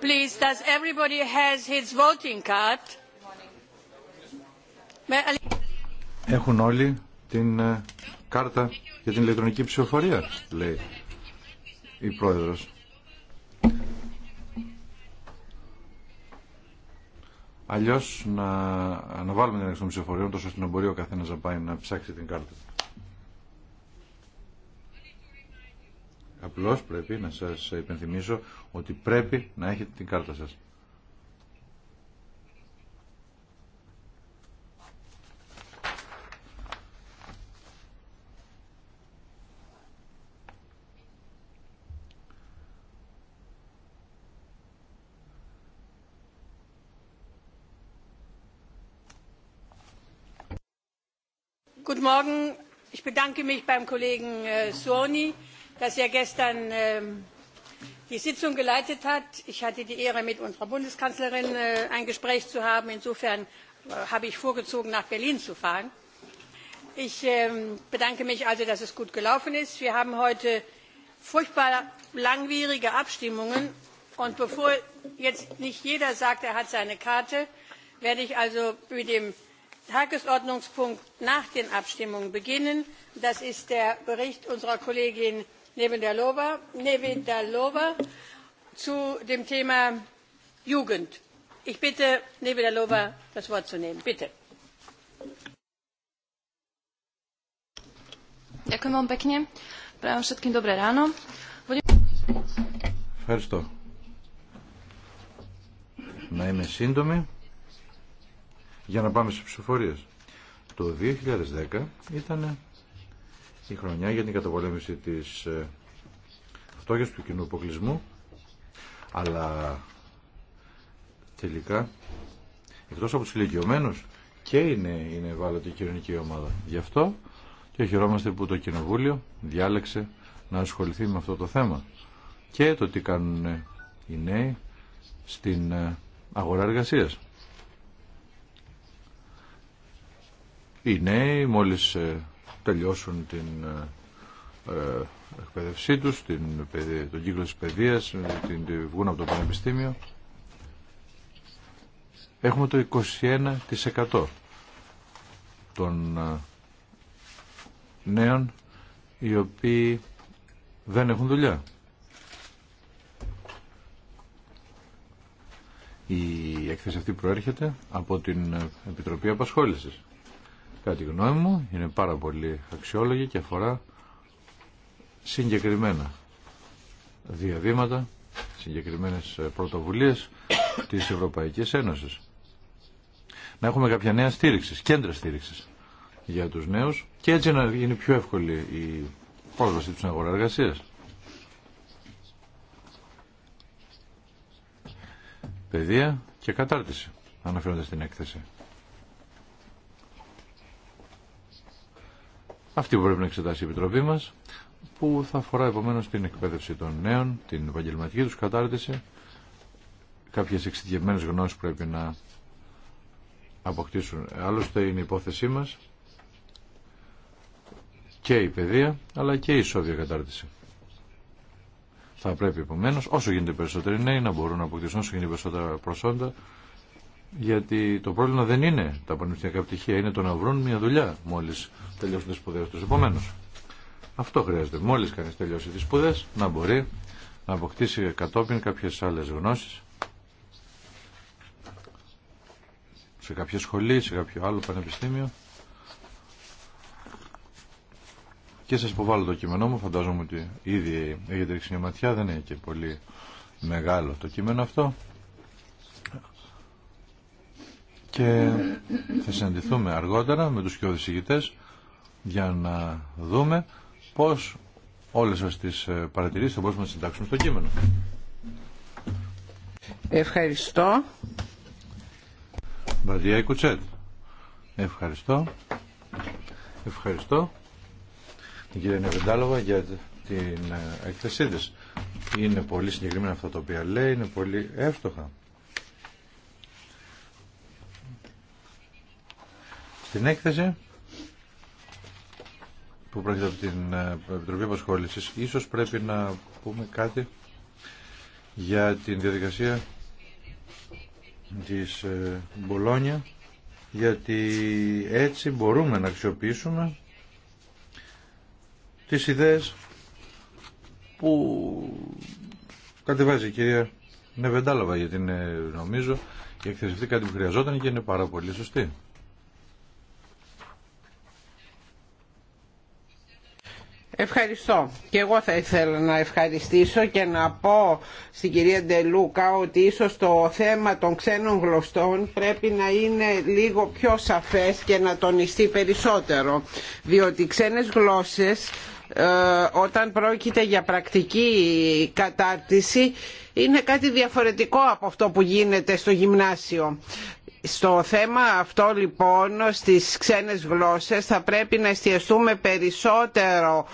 Please, does everybody his voting card? Έχουν όλοι την ε, κάρτα για την ηλεκτρονική ψηφοφορία, λέει η πρόεδρος. Αλλιώς να αναβάλουμε την ηλεκτρονική ψηφοφορία, τόσο ώστε να μπορεί ο καθένας να πάει να ψάξει την κάρτα. Απλώς πρέπει να σας υπενθυμίσω ότι πρέπει να έχετε την κάρτα σας. Guten Morgen. Ich bedanke mich beim Kollegen äh, Suoni dass er gestern die Sitzung geleitet hat. Ich hatte die Ehre, mit unserer Bundeskanzlerin ein Gespräch zu haben. Insofern habe ich vorgezogen, nach Berlin zu fahren. Ich bedanke mich also, dass es gut gelaufen ist. Wir haben heute furchtbar langwierige Abstimmungen. Und bevor jetzt nicht jeder sagt, er hat seine Karte, werde ich also mit dem Tagesordnungspunkt nach den Abstimmungen beginnen. Das ist der Bericht unserer Kollegin nevealov zu dem thema jugend. ich bitte nevealov das wort zu nehmen. bitte. Ďakujem vám pekne. Prajem všetkým dobré ráno. Ευχαριστώ. Να είμαι σύντομη για να πάμε στις ψηφορίες. Το 2010 ήταν η χρονιά για την καταπολέμηση της ε, φτώχειας του κοινού αποκλεισμού αλλά τελικά εκτός από τους ηλικιωμένους και είναι, είναι ευάλωτη η κοινωνική ομάδα. Γι' αυτό και χαιρόμαστε που το Κοινοβούλιο διάλεξε να ασχοληθεί με αυτό το θέμα και το τι κάνουν οι νέοι στην ε, αγορά εργασίας. Οι νέοι μόλις ε, τελειώσουν την ε, ε, εκπαίδευσή τους, τον κύκλο της παιδείας, ε, την, την βγουν από το πανεπιστήμιο. Έχουμε το 21% των νέων οι οποίοι δεν έχουν δουλειά. Η έκθεση αυτή προέρχεται από την Επιτροπή Απασχόλησης. Κάτι γνώμη μου είναι πάρα πολύ αξιόλογη και αφορά συγκεκριμένα διαβήματα, συγκεκριμένες ε, πρωτοβουλίες της Ευρωπαϊκής Ένωσης. Να έχουμε κάποια νέα στήριξη, κέντρα στήριξη για τους νέους και έτσι να γίνει πιο εύκολη η πρόσβαση του αγορά εργασία. Παιδεία και κατάρτιση αναφέρονται στην έκθεση. αυτή που πρέπει να εξετάσει η Επιτροπή μα που θα αφορά επομένω την εκπαίδευση των νέων, την επαγγελματική του κατάρτιση, κάποιες εξειδικευμένες γνώσεις πρέπει να αποκτήσουν. Άλλωστε είναι η υπόθεσή μας και η παιδεία, αλλά και η ισόβια κατάρτιση. Θα πρέπει επομένω, όσο γίνεται περισσότεροι νέοι, να μπορούν να αποκτήσουν όσο γίνεται περισσότερα προσόντα γιατί το πρόβλημα δεν είναι τα πανεπιστημιακά πτυχία, είναι το να βρουν μια δουλειά μόλι τελειώσουν τι σπουδέ του. Επομένω, αυτό χρειάζεται. Μόλι κανεί τελειώσει τι σπουδέ, να μπορεί να αποκτήσει κατόπιν κάποιε άλλε γνώσει σε κάποια σχολή, σε κάποιο άλλο πανεπιστήμιο. Και σας υποβάλλω το κείμενό μου, φαντάζομαι ότι ήδη έχετε ρίξει μια ματιά, δεν είναι και πολύ μεγάλο το κείμενο αυτό. και θα συναντηθούμε αργότερα με τους και ηγητές για να δούμε πώς όλες σας τις ε, παρατηρήσεις θα μπορούμε να συντάξουμε στο κείμενο. Ευχαριστώ. Μπαδιά Κουτσέτ. Ευχαριστώ. Ευχαριστώ την κυρία Νεβεντάλοβα για την ε, έκθεσή της. Είναι πολύ συγκεκριμένα αυτά τα οποία λέει, είναι πολύ εύστοχα. στην έκθεση που πρόκειται από την ε, Επιτροπή Απασχόλησης. Ίσως πρέπει να πούμε κάτι για την διαδικασία της ε, Μπολόνια γιατί έτσι μπορούμε να αξιοποιήσουμε τις ιδέες που κατεβάζει η κυρία Νεβεντάλαβα γιατί είναι νομίζω η εκθεσιστεί κάτι που χρειαζόταν και είναι πάρα πολύ σωστή. Ευχαριστώ. Και εγώ θα ήθελα να ευχαριστήσω και να πω στην κυρία Ντελούκα ότι ίσως το θέμα των ξένων γλωστών πρέπει να είναι λίγο πιο σαφές και να τονιστεί περισσότερο. Διότι ξένες γλώσσες ε, όταν πρόκειται για πρακτική κατάρτιση είναι κάτι διαφορετικό από αυτό που γίνεται στο γυμνάσιο στο θέμα αυτό λοιπόν στις ξένες γλώσσες θα πρέπει να εστιαστούμε περισσότερο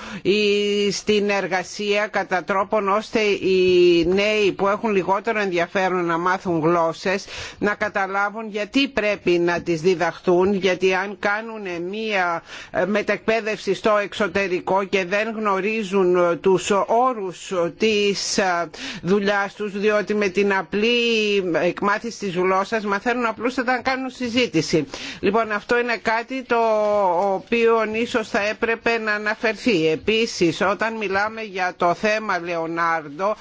στην εργασία κατά τρόπον ώστε οι νέοι που έχουν λιγότερο ενδιαφέρον να μάθουν γλώσσες να καταλάβουν γιατί πρέπει να τις διδαχθούν γιατί αν κάνουν μία ε, μετεκπαίδευση στο εξωτερικό και δεν γνωρίζουν ε, τους όρους της ε, δουλειάς τους διότι με την απλή εκμάθηση της γλώσσας μαθαίνουν όταν κάνουν συζήτηση. Λοιπόν αυτό είναι κάτι το οποίο ίσω θα έπρεπε να αναφερθεί. Επίση, όταν μιλάμε για το θέμα Λεωνάρντο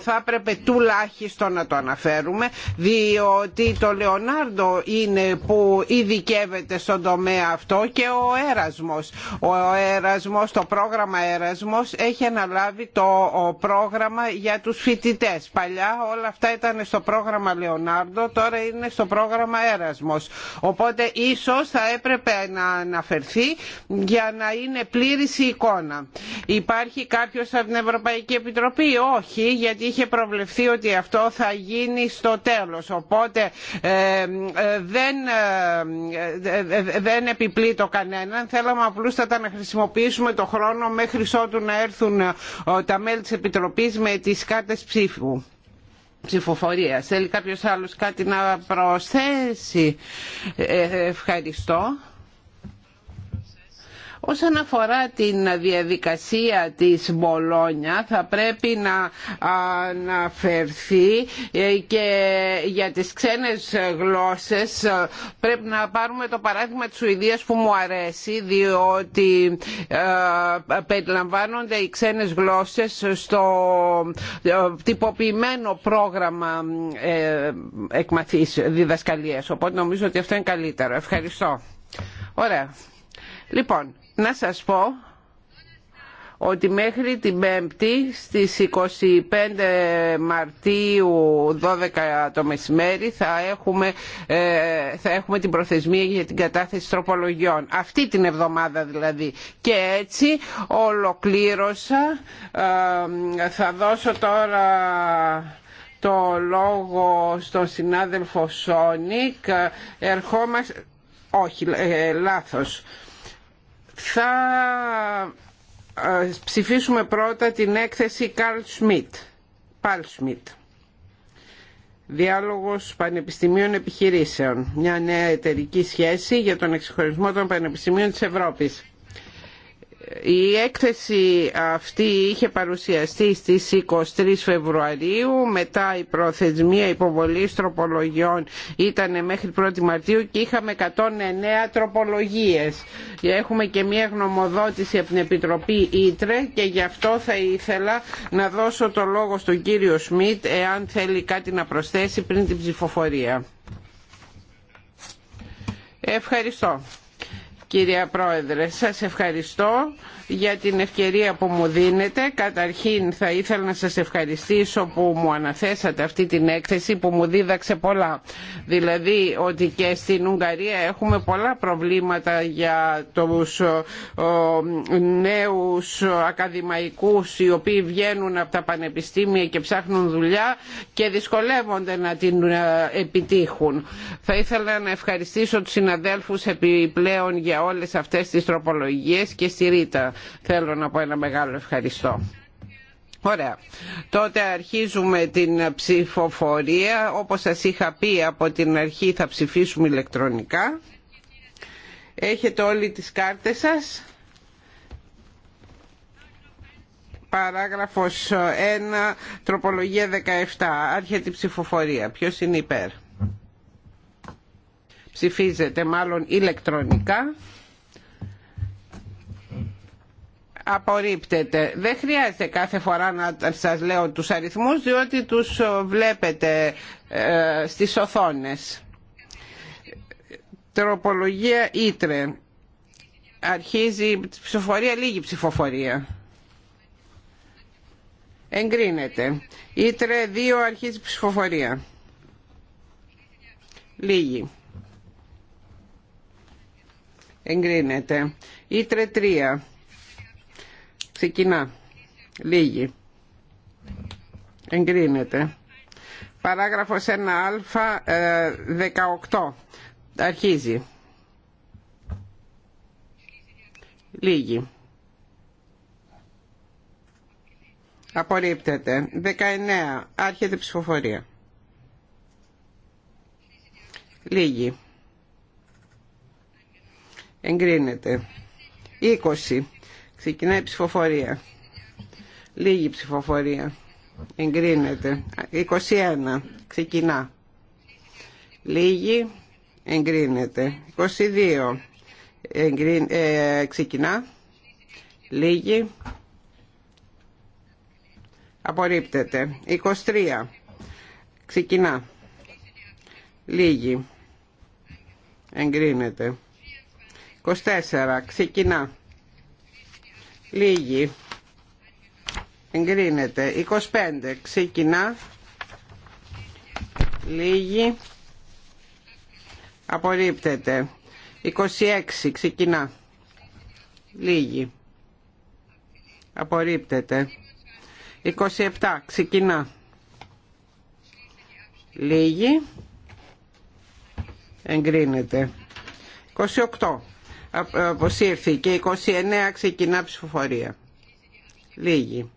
θα έπρεπε τουλάχιστον να το αναφέρουμε διότι το Λεωνάρντο είναι που ειδικεύεται στον τομέα αυτό και ο Έρασμος. Ο Έρασμος, το πρόγραμμα Έρασμος έχει αναλάβει το πρόγραμμα για τους φοιτητές. Παλιά όλα αυτά ήταν στο πρόγραμμα Λεωνάρντο, τώρα είναι στο πρόγραμμα Οπότε ίσως θα έπρεπε να αναφερθεί για να είναι πλήρης η εικόνα. Υπάρχει κάποιος από την Ευρωπαϊκή Επιτροπή. Όχι, γιατί είχε προβλεφθεί ότι αυτό θα γίνει στο τέλος. Οπότε ε, ε, δεν, ε, ε, δεν επιπλήττω κανέναν. Θέλαμε απλούστατα να χρησιμοποιήσουμε το χρόνο μέχρι ότου να έρθουν τα μέλη της Επιτροπής με τις κάρτες ψήφου. Ψηφοφορία. Θέλει κάποιος άλλος κάτι να προσθέσει. Ε, ευχαριστώ. Όσον αφορά την διαδικασία της Μπολόνια θα πρέπει να αναφερθεί ε, και για τις ξένες γλώσσες ε, πρέπει να πάρουμε το παράδειγμα της Σουηδίας που μου αρέσει διότι ε, περιλαμβάνονται οι ξένες γλώσσες στο τυποποιημένο πρόγραμμα εκμαθής διδασκαλίας. Οπότε νομίζω ότι αυτό είναι καλύτερο. Ευχαριστώ. Ωραία. Λοιπόν, να σας πω ότι μέχρι την Πέμπτη στις 25 Μαρτίου 12 το μεσημέρι θα έχουμε, ε, θα έχουμε την προθεσμία για την κατάθεση τροπολογιών. Αυτή την εβδομάδα δηλαδή. Και έτσι ολοκλήρωσα. Ε, θα δώσω τώρα το λόγο στον συνάδελφο Σόνικ. Ερχόμαστε... Όχι, ε, λάθος θα ε, ψηφίσουμε πρώτα την έκθεση Carl Σμιτ, Πάλ Σμιτ, Διάλογος Πανεπιστημίων Επιχειρήσεων. Μια νέα εταιρική σχέση για τον εξυγχωρισμό των Πανεπιστημίων της Ευρώπης. Η έκθεση αυτή είχε παρουσιαστεί στις 23 Φεβρουαρίου, μετά η προθεσμία υποβολής τροπολογιών ήταν μέχρι 1η Μαρτίου και είχαμε 109 τροπολογίες. Έχουμε και μια γνωμοδότηση από την Επιτροπή Ήτρε και γι' αυτό θα ήθελα να δώσω το λόγο στον κύριο Σμιτ εάν θέλει κάτι να προσθέσει πριν την ψηφοφορία. Ευχαριστώ κυρία Πρόεδρε. Σας ευχαριστώ για την ευκαιρία που μου δίνετε. Καταρχήν θα ήθελα να σας ευχαριστήσω που μου αναθέσατε αυτή την έκθεση που μου δίδαξε πολλά. Δηλαδή ότι και στην Ουγγαρία έχουμε πολλά προβλήματα για τους νέους ακαδημαϊκούς οι οποίοι βγαίνουν από τα πανεπιστήμια και ψάχνουν δουλειά και δυσκολεύονται να την ε, επιτύχουν. Θα ήθελα να ευχαριστήσω τους συναδέλφους επιπλέον για όλες αυτές τις τροπολογίες και στη ρήτα. θέλω να πω ένα μεγάλο ευχαριστώ. Ωραία. Τότε αρχίζουμε την ψηφοφορία. Όπως σας είχα πει από την αρχή θα ψηφίσουμε ηλεκτρονικά. Έχετε όλοι τις κάρτες σας. Παράγραφος 1, τροπολογία 17. Άρχεται η ψηφοφορία. Ποιος είναι υπέρ ψηφίζεται μάλλον ηλεκτρονικά απορρίπτεται. Δεν χρειάζεται κάθε φορά να σας λέω τους αριθμούς διότι τους βλέπετε ε, στις οθόνες. Τροπολογία Ήτρε. Αρχίζει ψηφοφορία, λίγη ψηφοφορία. Εγκρίνεται. Ήτρε δύο, αρχίζει ψηφοφορία. Λίγη εγκρίνεται. Ήτρε 3. Ξεκινά. Λίγη. Εγκρίνεται. Παράγραφος 1α 18. Ε, Αρχίζει. Λίγη. Απορρίπτεται. 19. Άρχεται ψηφοφορία. Λίγη. Εγκρίνεται. 20. Ξεκινάει η ψηφοφορία. Λίγη ψηφοφορία. Εγκρίνεται. 21. Ξεκινά. Λίγη. Εγκρίνεται. 22. Εγκρίν, ε, ξεκινά. Λίγη. Απορρίπτεται. 23. Ξεκινά. Λίγη. Εγκρίνεται. 24. Ξεκινά. Λίγη. Εγκρίνεται. 25. Ξεκινά. Λίγη. Απορρίπτεται. 26. Ξεκινά. Λίγη. Απορρίπτεται. 27. Ξεκινά. Λίγη. Εγκρίνεται. 28. Αποσύρθηκε. και 29 ξεκινά ψηφοφορία. Λίγη.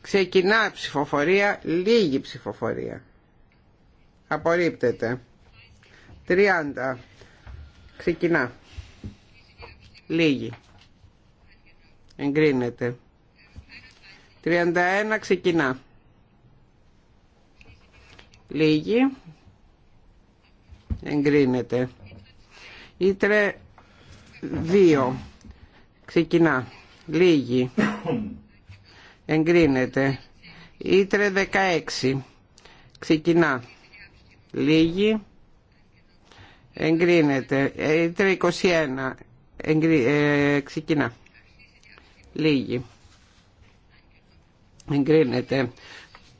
Ξεκινά ψηφοφορία, λίγη ψηφοφορία. Απορρίπτεται. 30. Ξεκινά. Λίγη. Εγκρίνεται. 31. Ξεκινά. Λίγη εγκρίνεται. Ήτρε 2. Ξεκινά. Λίγη. Εγκρίνεται. Ήτρε 16. Ξεκινά. Λίγη. Εγκρίνεται. Ήτρε 21. Ε, ξεκινά. Λίγη. Εγκρίνεται.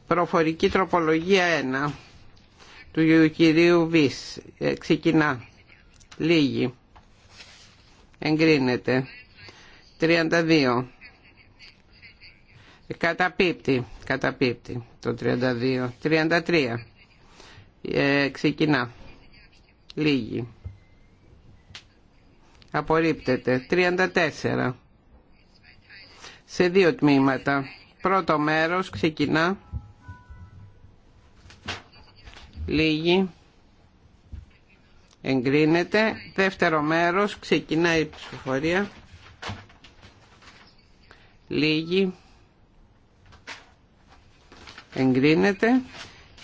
Προφορική τροπολογία 1 του κυρίου Βης. Ε, ξεκινά. Λίγη. Εγκρίνεται. 32. Καταπίπτει. Καταπίπτει το 32. 33. Ε, ξεκινά. Λίγη. Απορρίπτεται. 34. Σε δύο τμήματα. Πρώτο μέρος ξεκινά Λίγη. Εγκρίνεται. Δεύτερο μέρος. Ξεκινάει η ψηφοφορία. Λίγη. Εγκρίνεται.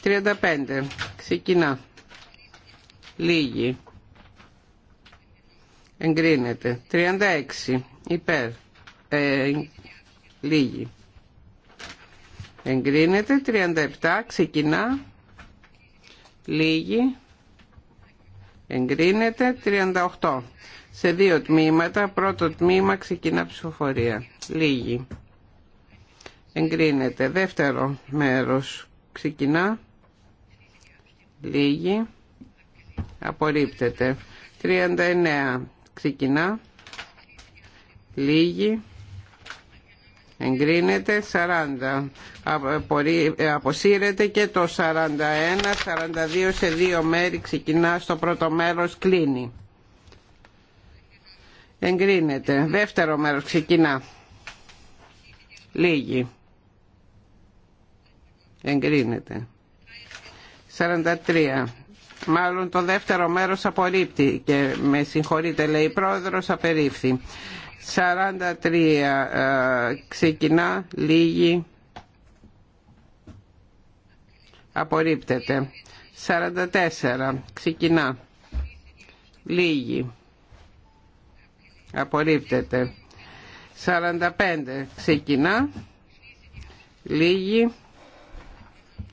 35. Ξεκινά. Λίγη. Εγκρίνεται. 36. Υπέρ. Ε, λίγη. Εγκρίνεται. 37. Ξεκινά. Λίγη. Εγκρίνεται. 38. Σε δύο τμήματα. Πρώτο τμήμα ξεκινά ψηφοφορία. Λίγη. Εγκρίνεται. Δεύτερο μέρος ξεκινά. Λίγη. Απορρίπτεται. 39. Ξεκινά. Λίγη εγκρίνεται 40 αποσύρεται και το 41 42 σε δύο μέρη ξεκινά στο πρώτο μέρος κλείνει εγκρίνεται δεύτερο μέρος ξεκινά λίγη εγκρίνεται 43 Μάλλον το δεύτερο μέρος απορρίπτει και με συγχωρείτε λέει η πρόεδρος απερίφθη. 43 ε, ξεκινά, λίγη, απορρίπτεται. 44 ξεκινά, λίγη, απορρίπτεται. 45 ξεκινά, λίγη,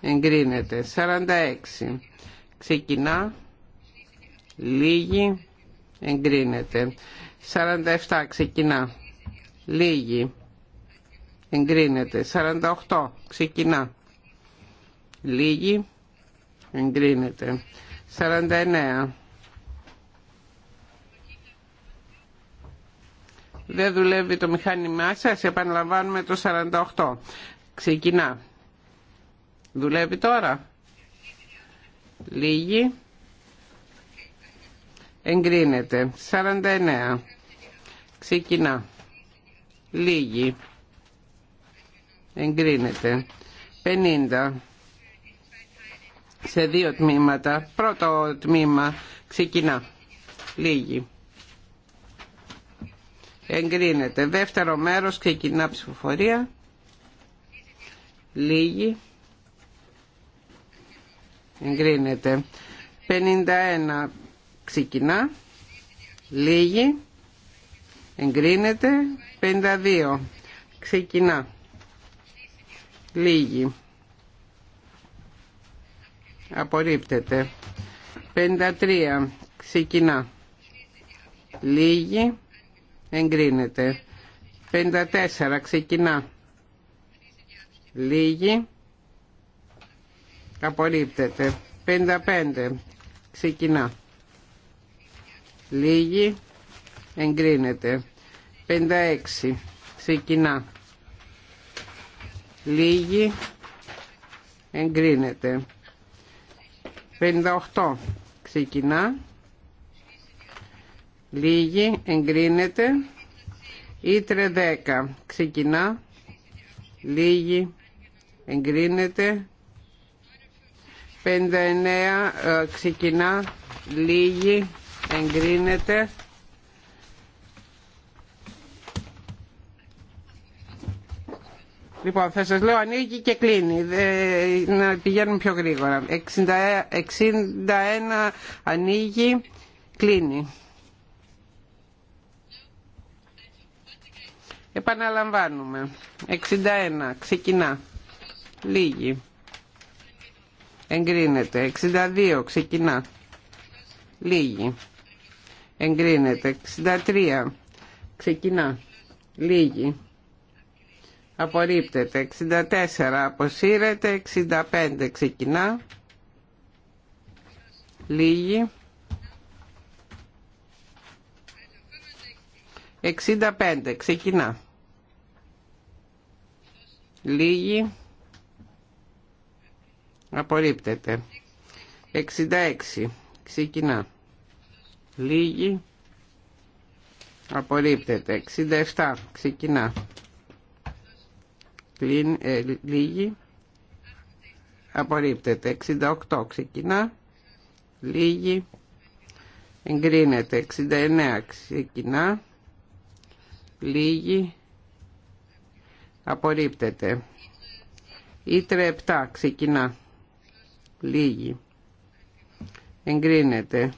εγκρίνεται. 46 ξεκινά, λίγη, εγκρίνεται. 47 ξεκινά. Λίγη. Εγκρίνεται. 48 ξεκινά. Λίγη. Εγκρίνεται. 49. Δεν δουλεύει το μηχάνημά σας. Επαναλαμβάνουμε το 48. Ξεκινά. Δουλεύει τώρα. Λίγη. Εγκρίνεται. 49. Ξεκινά. Λίγη. Εγκρίνεται. 50 σε δύο τμήματα. Πρώτο τμήμα ξεκινά. Λίγη. Εγκρίνεται. Δεύτερο μέρος ξεκινά ψηφοφορία. Λίγη. Εγκρίνεται. 51 ξεκινά. Λίγη. Εγκρίνεται. 52. Ξεκινά. Λίγη. Απορρίπτεται. 53. Ξεκινά. Λίγη. Εγκρίνεται. 54. Ξεκινά. Λίγη. Απορρίπτεται. 55. Ξεκινά. Λίγη εγκρίνεται 56 ξεκινά λίγη εγκρίνεται 58 ξεκινά λίγη εγκρίνεται Ήτρε 10 ξεκινά λίγη εγκρίνεται 59 ξεκινά λίγη εγκρίνεται Λοιπόν, θα σα λέω ανοίγει και κλείνει, ε, να πηγαίνουμε πιο γρήγορα. 61 ε, ανοίγει, κλείνει. Επαναλαμβάνουμε. 61 ξεκινά, λίγη. Εγκρίνεται. 62 ξεκινά, λίγη. Εγκρίνεται. 63 ξεκινά, λίγη απορρίπτεται 64 αποσύρεται 65 ξεκινά λίγη 65 ξεκινά λίγη απορρίπτεται 66 ξεκινά λίγη απορρίπτεται 67 ξεκινά Κλείν, ε, λίγη. Απορρίπτεται. 68 ξεκινά. Λίγη. Εγκρίνεται. 69 ξεκινά. Λίγη. Απορρίπτεται. Ήτρε 7 ξεκινά. Λίγη. Εγκρίνεται.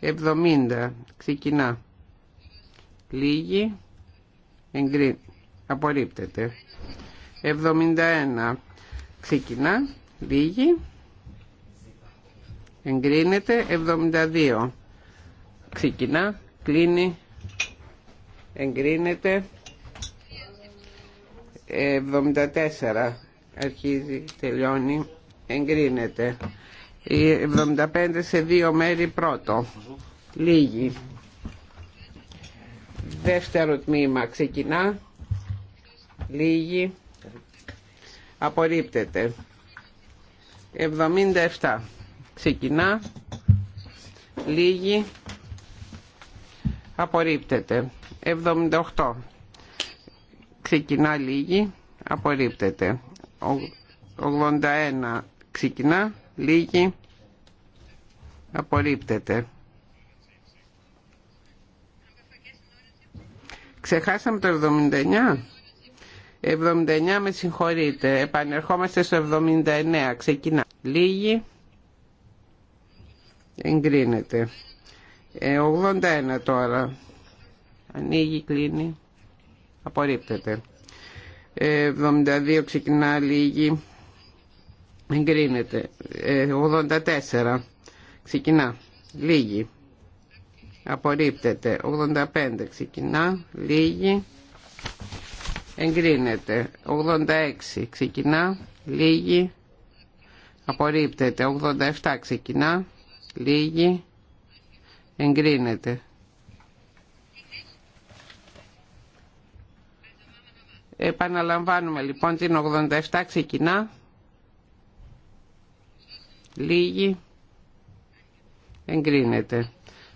70 ξεκινά. Λίγη. Εγκρίνεται απορρίπτεται 71 ξεκινά λίγη εγκρίνεται 72 ξεκινά κλείνει εγκρίνεται 74 αρχίζει τελειώνει εγκρίνεται 75 σε δύο μέρη πρώτο λίγη δεύτερο τμήμα ξεκινά Λίγη. Απορρίπτεται. 77. Ξεκινά. Λίγη. Απορρίπτεται. 78. Ξεκινά λίγη. Απορρίπτεται. 81. Ξεκινά. Λίγη. Απορρίπτεται. Ξεχάσαμε το 79. 79 με συγχωρείτε. Επανερχόμαστε στο 79. Ξεκινά. Λίγη. Εγκρίνεται. 81 ε, τώρα. Ανοίγει, κλείνει. Απορρίπτεται. 72 ε, ξεκινά λίγη. Εγκρίνεται. 84 ε, ξεκινά. Λίγη. Απορρίπτεται. 85 ξεκινά. Λίγη εγκρίνεται 86 ξεκινά λίγη απορρίπτεται 87 ξεκινά λίγη εγκρίνεται επαναλαμβάνουμε λοιπόν την 87 ξεκινά λίγη εγκρίνεται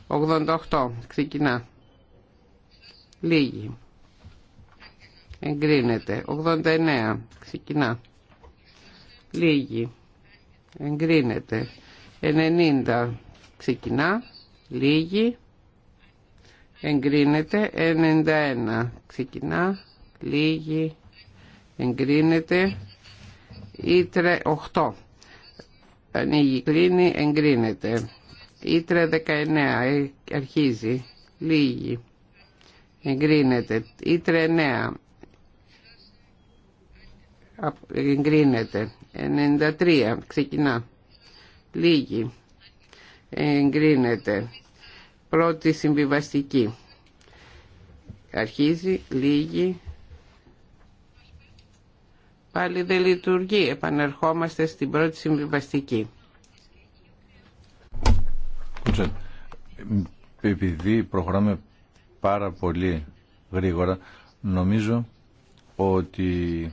88 ξεκινά λίγη Εγκρίνεται. 89. Ξεκινά. Λίγη. Εγκρίνεται. 90. Ξεκινά. Λίγη. Εγκρίνεται. 91. Ξεκινά. Λίγη. Εγκρίνεται. Ήτρε 8. Ανοίγει. Κλείνει. Εγκρίνεται. Ήτρε 19. Ε, αρχίζει. Λίγη. Εγκρίνεται. Ήτρε 9 εγκρίνεται 93 ξεκινά λίγη εγκρίνεται πρώτη συμβιβαστική αρχίζει λίγη πάλι δεν λειτουργεί επανερχόμαστε στην πρώτη συμβιβαστική επειδή προχωράμε πάρα πολύ γρήγορα νομίζω ότι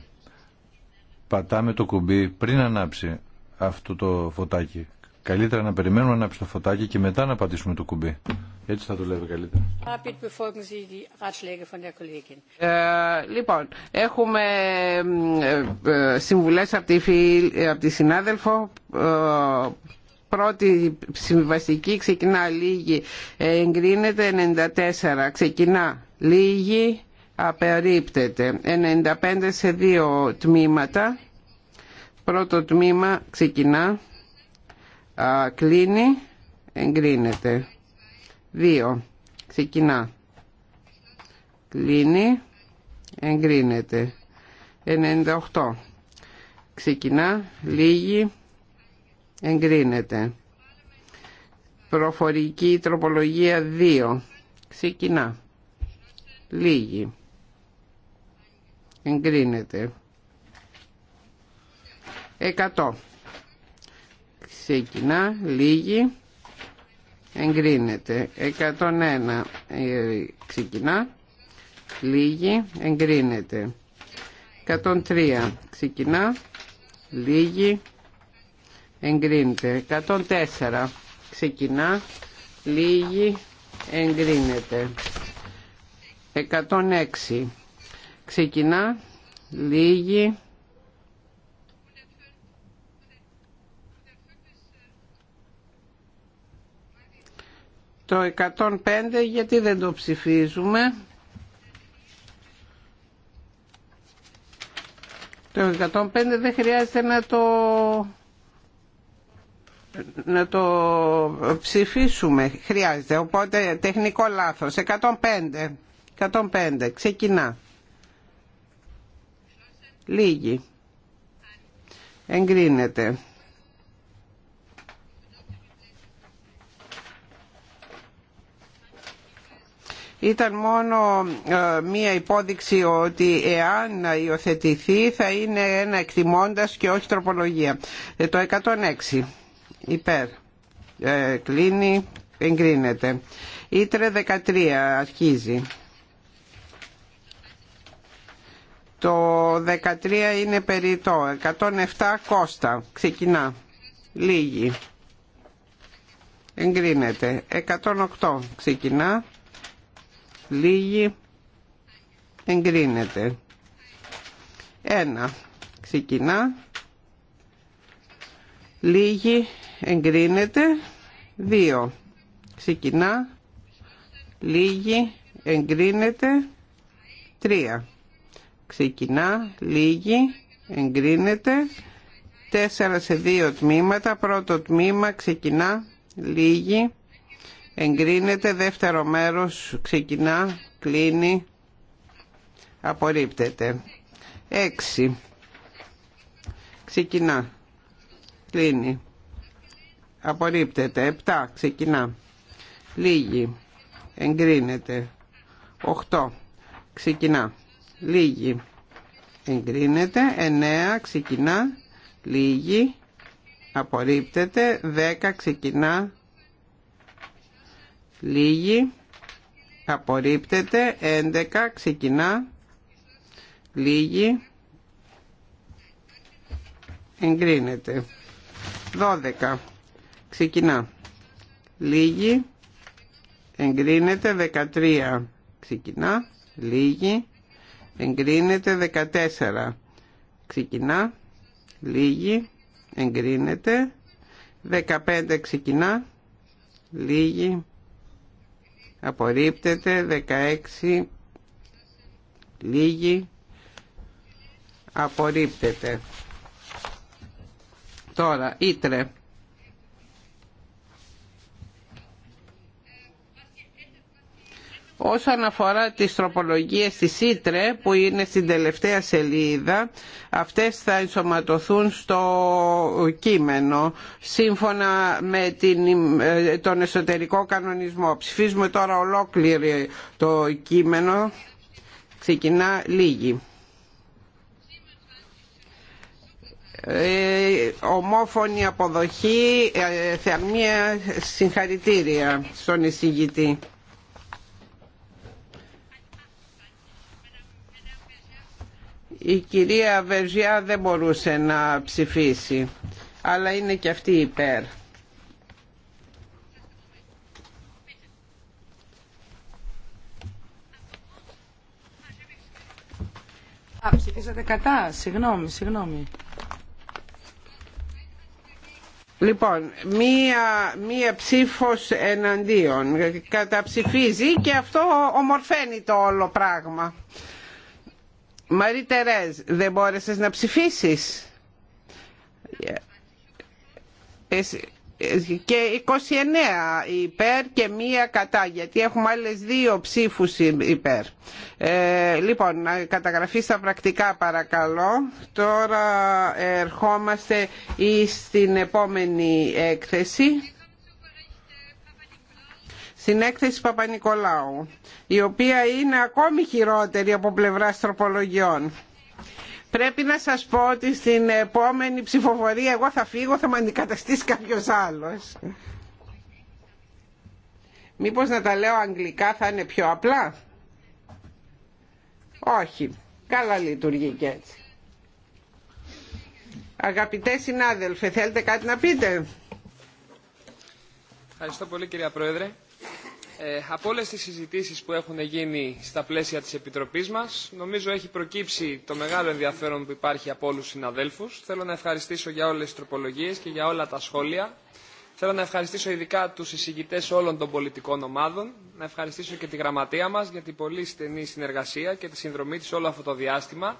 πατάμε το κουμπί πριν ανάψει αυτό το φωτάκι. Καλύτερα να περιμένουμε να ανάψει το φωτάκι και μετά να πατήσουμε το κουμπί. Έτσι θα δουλεύει καλύτερα. Ε, λοιπόν, έχουμε ε, ε, συμβουλές από τη, τη συνάδελφο πρώτη συμβαστική ξεκινά λίγη εγκρίνεται 94 ξεκινά λίγη απερίπτεται 95 σε δύο τμήματα Πρώτο τμήμα ξεκινά, α, κλείνει, εγκρίνεται. Δύο, Ξεκινά, κλείνει, εγκρίνεται. 98. Ξεκινά, λίγη, εγκρίνεται. Προφορική τροπολογία 2. Ξεκινά. Λίγη. Εγκρίνεται. 100 ξεκινά λίγη εγκρίνεται 101 ε, ξεκινά λίγη εγκρίνεται 103 ξεκινά λίγη εγκρίνεται 104 ξεκινά λίγη εγκρίνεται 106 ξεκινά λίγη Το 105 γιατί δεν το ψηφίζουμε. Το 105 δεν χρειάζεται να το να το ψηφίσουμε. Χρειάζεται. Οπότε τεχνικό λάθος. 105. 105. Ξεκινά. Λίγη. Εγκρίνεται. ήταν μόνο ε, μία υπόδειξη ότι εάν υιοθετηθεί θα είναι ένα εκτιμώντας και όχι τροπολογία. Ε, το 106 υπέρ ε, κλείνει, εγκρίνεται. Ήτρε 13 αρχίζει. Το 13 είναι περιττό. 107 κόστα. Ξεκινά. Λίγη. Εγκρίνεται. 108 ξεκινά. Λίγη. Εγκρίνεται. Ένα. Ξεκινά. Λίγη. Εγκρίνεται. Δύο. Ξεκινά. Λίγη. Εγκρίνεται. Τρία. Ξεκινά. Λίγη. Εγκρίνεται. Τέσσερα σε δύο τμήματα. Πρώτο τμήμα. Ξεκινά. Λίγη εγκρίνεται δεύτερο μέρος ξεκινά κλείνει απορρίπτεται Εξι, ξεκινά κλείνει απορρίπτεται Επτά, ξεκινά λίγη εγκρίνεται Οχτώ, ξεκινά λίγη εγκρίνεται Εννέα, ξεκινά λίγη απορρίπτεται Δέκα, ξεκινά Λίγη. Απορρίπτεται. 11. Ξεκινά. Λίγη. Εγκρίνεται. 12. Ξεκινά. Λίγη. Εγκρίνεται. 13. Ξεκινά. Λίγη. Εγκρίνεται. 14. Ξεκινά. Λίγη. Εγκρίνεται. 15 ξεκινά. Λίγη απορρίπτεται 16 λίγη απορρίπτεται τώρα ήτρε Όσον αφορά τις τροπολογίες της Ήτρε που είναι στην τελευταία σελίδα, αυτές θα ενσωματωθούν στο κείμενο σύμφωνα με την, ε, τον εσωτερικό κανονισμό. Ψηφίζουμε τώρα ολόκληρο το κείμενο. Ξεκινά λίγη. Ε, ομόφωνη αποδοχή, ε, θερμία συγχαρητήρια στον εισηγητή. Η κυρία Βερζιά δεν μπορούσε να ψηφίσει, αλλά είναι και αυτή υπέρ. Α, ψηφίσατε κατά. Συγγνώμη, συγγνώμη. Λοιπόν, μία, μία ψήφος εναντίον καταψηφίζει και αυτό ομορφαίνει το όλο πράγμα. Μαρή Τερέζ, δεν μπόρεσες να ψηφίσεις. Και 29 υπέρ και μία κατά, γιατί έχουμε άλλες δύο ψήφους υπέρ. Ε, λοιπόν, να στα πρακτικά παρακαλώ. Τώρα ερχόμαστε στην επόμενη έκθεση στην έκθεση Παπα-Νικολάου, η οποία είναι ακόμη χειρότερη από πλευράς τροπολογιών. Πρέπει να σας πω ότι στην επόμενη ψηφοφορία εγώ θα φύγω, θα με αντικαταστήσει κάποιος άλλος. Μήπως να τα λέω αγγλικά θα είναι πιο απλά. Όχι. Καλά λειτουργεί και έτσι. Αγαπητέ συνάδελφε, θέλετε κάτι να πείτε. Ευχαριστώ πολύ κυρία Πρόεδρε. Ε, από όλες τις συζητήσεις που έχουν γίνει στα πλαίσια της Επιτροπής μας, νομίζω έχει προκύψει το μεγάλο ενδιαφέρον που υπάρχει από όλους τους συναδέλφους. Θέλω να ευχαριστήσω για όλες τις τροπολογίες και για όλα τα σχόλια. Θέλω να ευχαριστήσω ειδικά τους συζητητές όλων των πολιτικών ομάδων, να ευχαριστήσω και τη γραμματεία μας για την πολύ στενή συνεργασία και τη συνδρομή της όλο αυτό το διάστημα.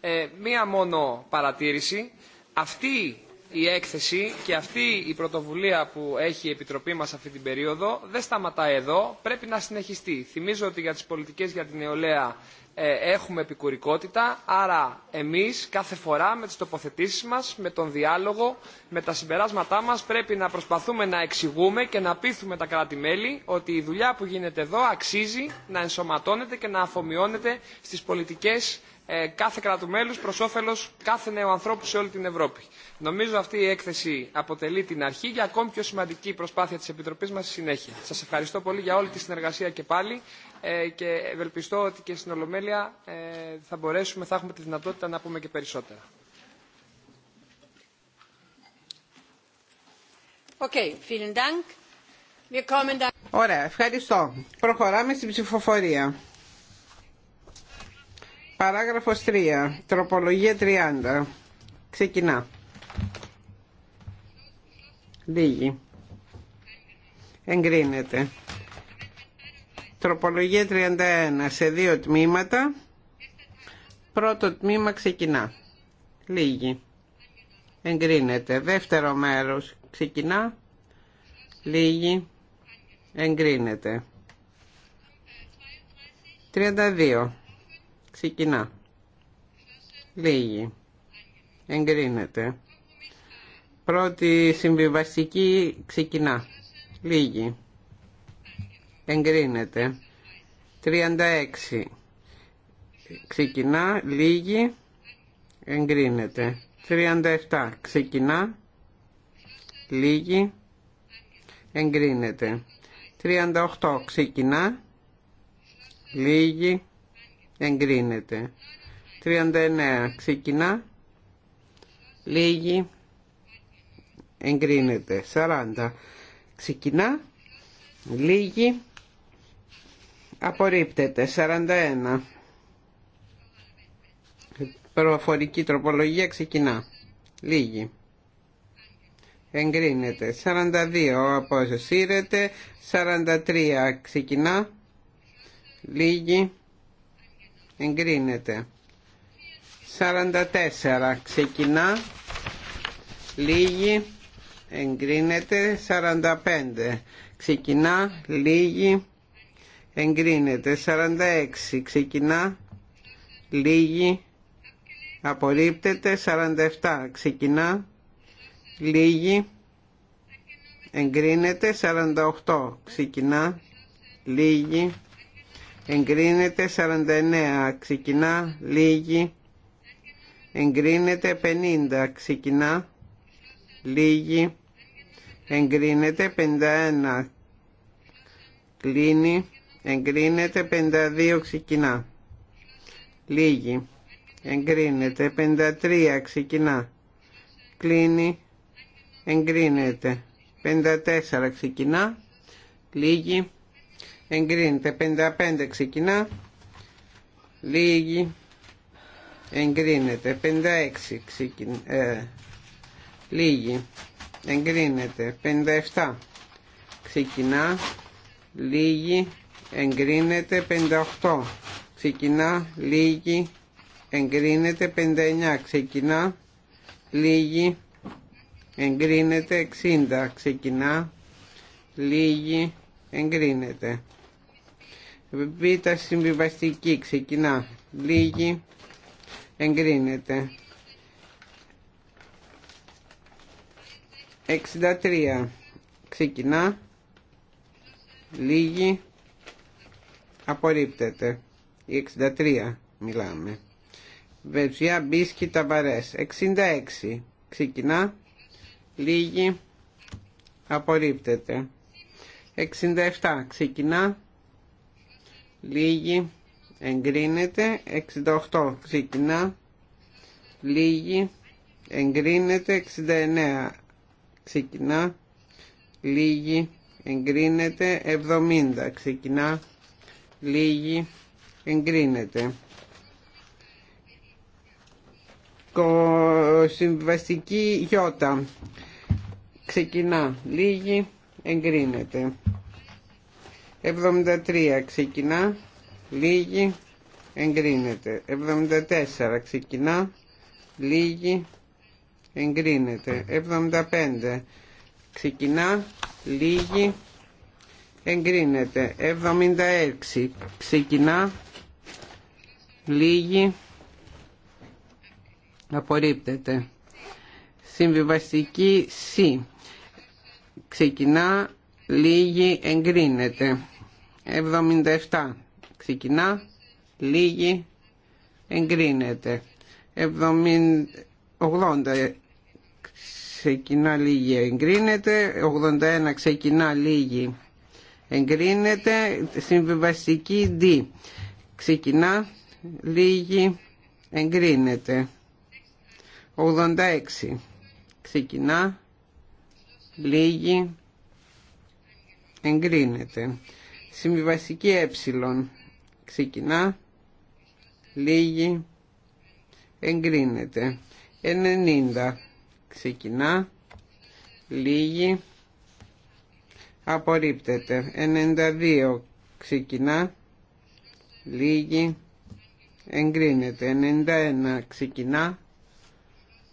Ε, μία μόνο παρατήρηση. Αυτή η έκθεση και αυτή η πρωτοβουλία που έχει η Επιτροπή μας αυτή την περίοδο δεν σταματάει εδώ, πρέπει να συνεχιστεί. Θυμίζω ότι για τις πολιτικές για την νεολαία ε, έχουμε επικουρικότητα, άρα εμείς κάθε φορά με τις τοποθετήσεις μας, με τον διάλογο, με τα συμπεράσματά μας πρέπει να προσπαθούμε να εξηγούμε και να πείθουμε τα κράτη-μέλη ότι η δουλειά που γίνεται εδώ αξίζει να ενσωματώνεται και να αφομοιώνεται στις πολιτικές ε, κάθε κράτου μέλους προς όφελος κάθε νέου ανθρώπου σε όλη την Ευρώπη. Νομίζω αυτή η έκθεση αποτελεί την αρχή για ακόμη πιο σημαντική προσπάθεια της Επιτροπής μας στη συνέχεια. Σας ευχαριστώ πολύ για όλη τη συνεργασία και πάλι ε, και ευελπιστώ ότι και στην Ολομέλεια ε, θα μπορέσουμε, θα έχουμε τη δυνατότητα να πούμε και περισσότερα. vielen Dank. Ωραία, ευχαριστώ. Προχωράμε στην ψηφοφορία. Παράγραφος 3. Τροπολογία 30. Ξεκινά. Λίγη. Εγκρίνεται. Τροπολογία 31 σε δύο τμήματα. Πρώτο τμήμα ξεκινά. Λίγη. Εγκρίνεται. Δεύτερο μέρος ξεκινά. Λίγη. Εγκρίνεται. 32. Ξεκινά. Λίγη. Εγκρίνεται. Πρώτη συμβιβαστική ξεκινά. Λίγη. Εγκρίνεται. 36. Ξεκινά. Λίγη. Εγκρίνεται. 37. Ξεκινά. Λίγη. Εγκρίνεται. 38. Ξεκινά. Λίγη εγκρίνεται 39 ξεκινά λίγη εγκρίνεται 40 ξεκινά λίγη απορρίπτεται 41 προφορική τροπολογία ξεκινά λίγη εγκρίνεται 42 αποσύρεται 43 ξεκινά λίγη εγκρίνεται 44 ξεκινά λίγη εγκρίνεται 45 ξεκινά λίγη εγκρίνεται 46 ξεκινά λίγη απορρίπτεται 47 ξεκινά λίγη εγκρίνεται 48 ξεκινά λίγη εγκρίνεται 49 ξεκινά λίγη εγκρίνεται 50 ξεκινά λίγη εγκρίνεται 51 κλείνει εγκρίνεται 52 ξεκινά λίγη εγκρίνεται 53 ξεκινά κλείνει εγκρίνεται 54 ξεκινά λίγη εγκρίνεται 55 ξεκινά λίγη εγκρίνεται 56 ξεκινά ε, λίγη εγκρίνεται 57 ξεκινά λίγη εγκρίνεται 58 ξεκινά λίγη εγκρίνεται 59 ξεκινά λίγη εγκρίνεται 60 ξεκινά λίγη εγκρίνεται Β συμβιβαστική ξεκινά. Λίγη. Εγκρίνεται. 63. Ξεκινά. Λίγη. Απορρίπτεται. Η 63 μιλάμε. Βεζιά μπίσκι ταβαρές. 66. Ξεκινά. Λίγη. Απορρίπτεται. 67. Ξεκινά λίγη, εγκρίνεται, 68 ξεκινά, λίγη, εγκρίνεται, 69 ξεκινά, λίγη, εγκρίνεται, 70 ξεκινά, λίγη, εγκρίνεται. Συμβαστική γιώτα ξεκινά λίγη εγκρίνεται 73 ξεκινά, λίγη, εγκρίνεται. 74 ξεκινά, λίγη, εγκρίνεται. 75 ξεκινά, λίγη, εγκρίνεται. 76 ξεκινά, λίγη, απορρίπτεται. Συμβιβαστική C. Ξεκινά, λίγη, εγκρίνεται. 77 ξεκινά, λίγη, εγκρίνεται. 80 ξεκινά λίγη, εγκρίνεται. 81 ξεκινά λίγη, εγκρίνεται. Συμβιβαστική D ξεκινά, λίγη, εγκρίνεται. 86 ξεκινά, λίγη, εγκρίνεται. Συμβιβαστική ε. Ξεκινά. Λίγη. Εγκρίνεται. 90. Ξεκινά. Λίγη. Απορρίπτεται. 92. Ξεκινά. Λίγη. Εγκρίνεται. 91. Ξεκινά.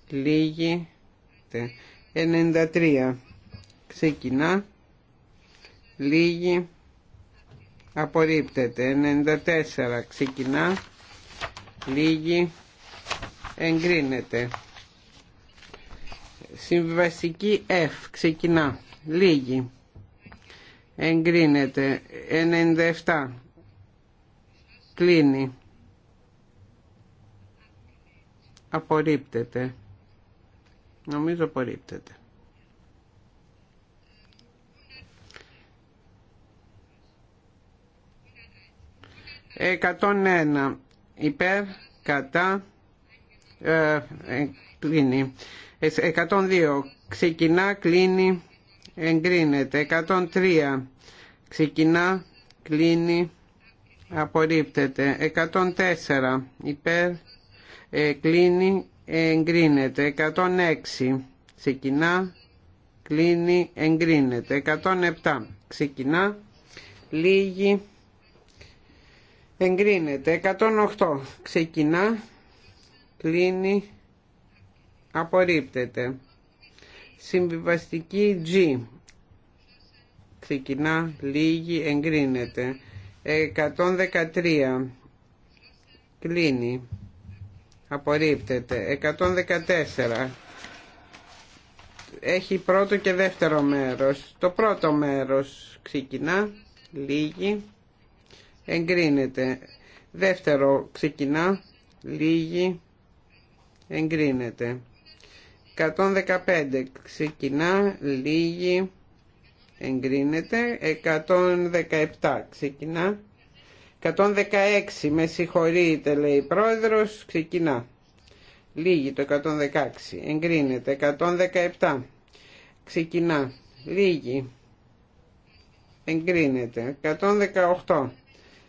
Λίγη. 93. Ξεκινά. Λίγη απορρίπτεται 94 ξεκινά λίγη εγκρίνεται Συμβασική F ξεκινά λίγη εγκρίνεται 97 κλείνει απορρίπτεται νομίζω απορρίπτεται 101 υπέρ κατά ε, κλείνει 102 ξεκινά κλείνει εγκρίνεται 103 ξεκινά κλείνει απορρίπτεται 104 υπέρ ε, κλείνει εγκρίνεται 106 ξεκινά κλείνει εγκρίνεται 107 ξεκινά λίγη Εγκρίνεται. 108. Ξεκινά. Κλείνει. Απορρίπτεται. Συμβιβαστική G. Ξεκινά. Λίγη. Εγκρίνεται. 113. Κλείνει. Απορρίπτεται. 114. Έχει πρώτο και δεύτερο μέρος. Το πρώτο μέρος ξεκινά, λίγη, εγκρίνεται. Δεύτερο ξεκινά, λίγη, εγκρίνεται. 115 ξεκινά, λίγη, εγκρίνεται. 117 ξεκινά. 116 με συγχωρείτε λέει πρόεδρος, ξεκινά. Λίγη το 116, εγκρίνεται. 117 ξεκινά, λίγη, εγκρίνεται. 118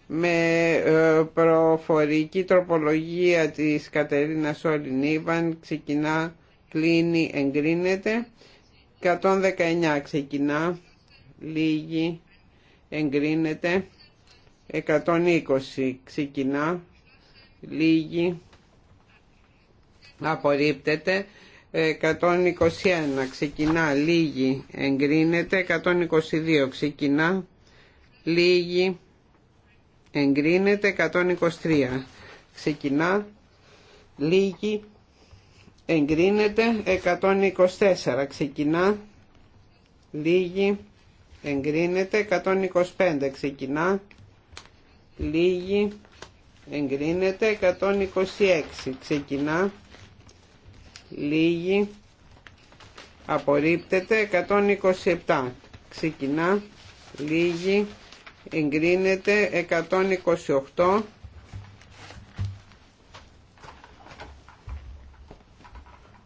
με ε, προφορική τροπολογία της Κατερίνας Σολυνίβαν ξεκινά, κλείνει, εγκρίνεται 119 ξεκινά, λίγη, εγκρίνεται 120 ξεκινά, λίγη, απορρίπτεται 121 ξεκινά, λίγη, εγκρίνεται 122 ξεκινά, λίγη, εγκρίνεται 123 ξεκινά λίγη εγκρίνεται 124 ξεκινά λίγη εγκρίνεται 125 ξεκινά λίγη εγκρίνεται 126 ξεκινά λίγη απορρίπτεται 127 ξεκινά λίγη εγκρίνεται 128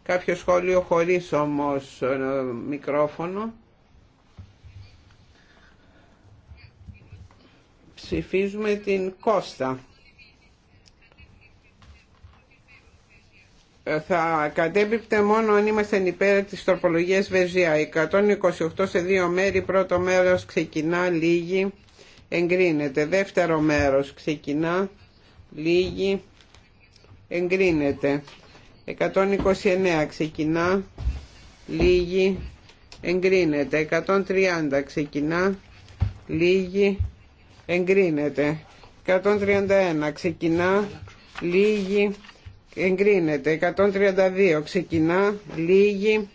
κάποιο σχόλιο χωρίς όμως ε, μικρόφωνο ψηφίζουμε την Κώστα ε, θα κατέπιπτε μόνο αν ήμασταν υπέρ της τροπολογίας Βεζιά 128 σε δύο μέρη πρώτο μέρος ξεκινά λίγη εγκρίνεται. Δεύτερο μέρος ξεκινά, λίγη, εγκρίνεται. 129 ξεκινά, λίγη, εγκρίνεται. 130 ξεκινά, λίγη, εγκρίνεται. 131 ξεκινά, λίγη, εγκρίνεται. 132 ξεκινά, λίγη,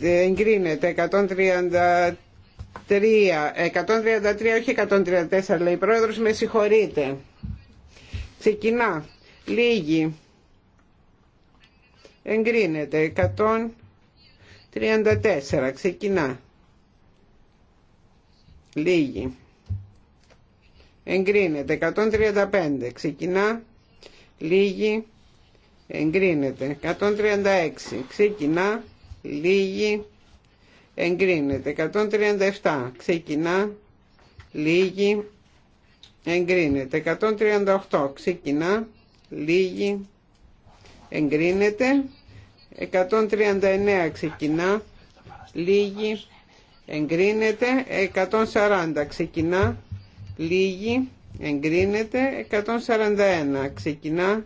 εγκρίνεται. 133 133, όχι 134 λέει πρόεδρος, με συγχωρείτε. Ξεκινά. λίγοι, Εγκρίνεται. 134. Ξεκινά. λίγοι, Εγκρίνεται. 135. Ξεκινά. λίγοι, Εγκρίνεται. 136. Ξεκινά. Λίγη εγκρίνεται 137 ξεκινά λίγη εγκρίνεται 138 ξεκινά λίγη εγκρίνεται 139 ξεκινά λίγη εγκρίνεται 140 ξεκινά λίγη εγκρίνεται 141 ξεκινά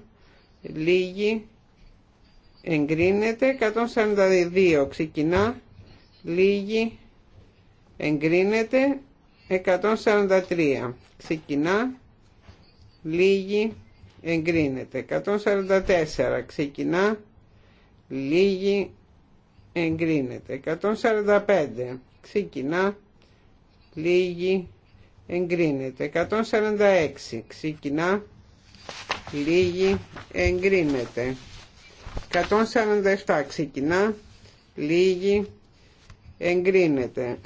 λίγη εγκρίνεται 142 ξεκινά λίγη εγκρίνεται 143 ξεκινά λίγη εγκρίνεται 144 ξεκινά λίγη εγκρίνεται 145 ξεκινά λίγη εγκρίνεται 146 ξεκινά λίγη εγκρίνεται 147 ξεκινά λίγη εγκρίνεται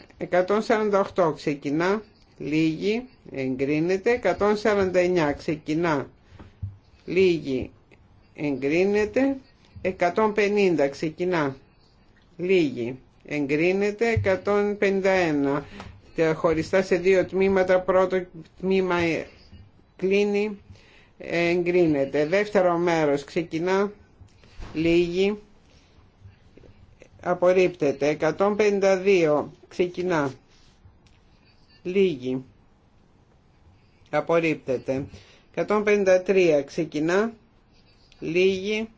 148 ξεκινά λίγη εγκρίνεται 149 ξεκινά λίγη εγκρίνεται 150 ξεκινά λίγη εγκρίνεται 151 χωριστά σε δύο τμήματα πρώτο τμήμα ε, κλείνει εγκρίνεται δεύτερο μέρος ξεκινά λίγη απορρίπτεται 152 ξεκινά λίγη απορρίπτεται 153 ξεκινά λίγη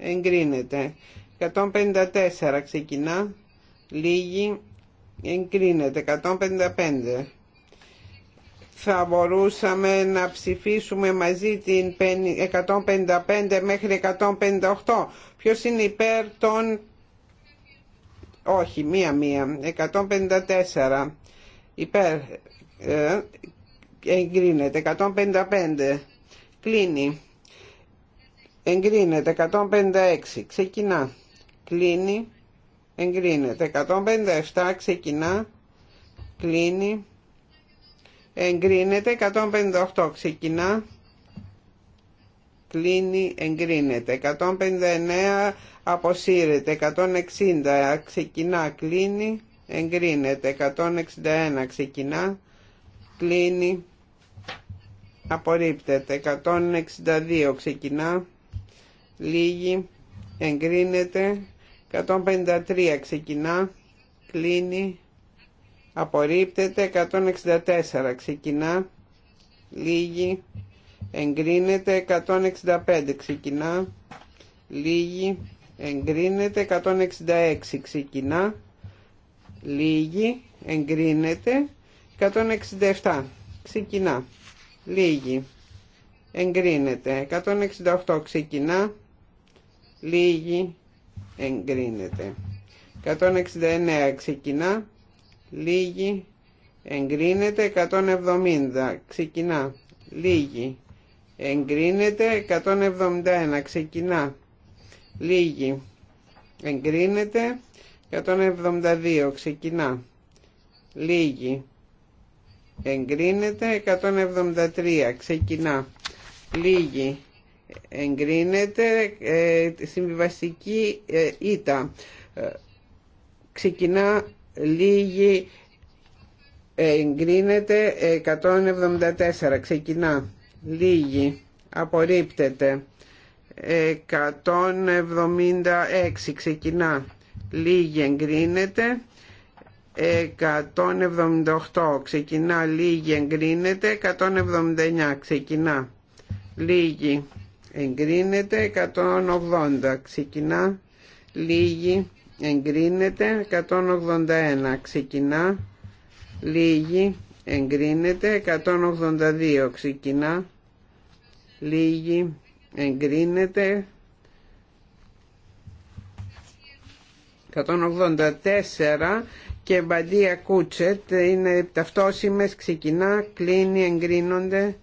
εγκρίνεται 154 ξεκινά λίγη εγκρίνεται 155 θα μπορούσαμε να ψηφίσουμε μαζί την 155 μέχρι 158. Ποιος είναι υπέρ των όχι μία-μία, 154 υπέρ ε, εγκρίνεται, 155 κλείνει, εγκρίνεται, 156 ξεκινά, κλείνει, εγκρίνεται, 157 ξεκινά, κλείνει, εγκρίνεται, 158 ξεκινά, κλείνει, εγκρίνεται, 159 αποσύρεται 160 ξεκινά κλείνει εγκρίνεται 161 ξεκινά κλείνει απορρίπτεται 162 ξεκινά λίγη εγκρίνεται 153 ξεκινά κλείνει απορρίπτεται 164 ξεκινά λίγη εγκρίνεται 165 ξεκινά λίγη εγκρίνεται 166 ξεκινά λίγη εγκρίνεται 167 ξεκινά λίγη εγκρίνεται 168 ξεκινά λίγη εγκρίνεται 169 ξεκινά λίγη εγκρίνεται 170 ξεκινά λίγη εγκρίνεται 171 ξεκινά Λίγη. Εγκρίνεται. 172. Ξεκινά. Λίγη. Εγκρίνεται. 173. Ξεκινά. Λίγη. Εγκρίνεται. Ε, συμβιβαστική ε, ήττα. Ε, ξεκινά. Λίγη. Ε, εγκρίνεται. 174. Ξεκινά. Λίγη. Απορρίπτεται. 176 ξεκινά λίγη εγκρίνεται 178 ξεκινά λίγη εγκρίνεται 179 ξεκινά λίγη εγκρίνεται 180 ξεκινά λίγη εγκρίνεται 181 ξεκινά λίγη εγκρίνεται 182 ξεκινά λίγη εγκρίνεται 184 και μπαντία κούτσετ είναι ταυτόσιμες ξεκινά κλείνει εγκρίνονται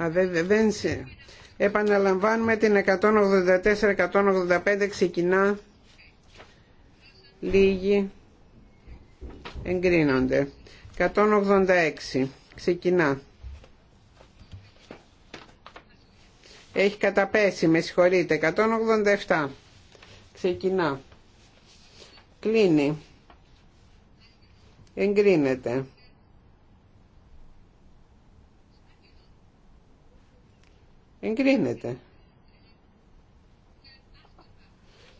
Α, δεν, σε Επαναλαμβάνουμε την 184-185 ξεκινά Λίγοι εγκρίνονται. 186. Ξεκινά. Έχει καταπέσει, με συγχωρείτε. 187. Ξεκινά. Κλείνει. Εγκρίνεται. Εγκρίνεται.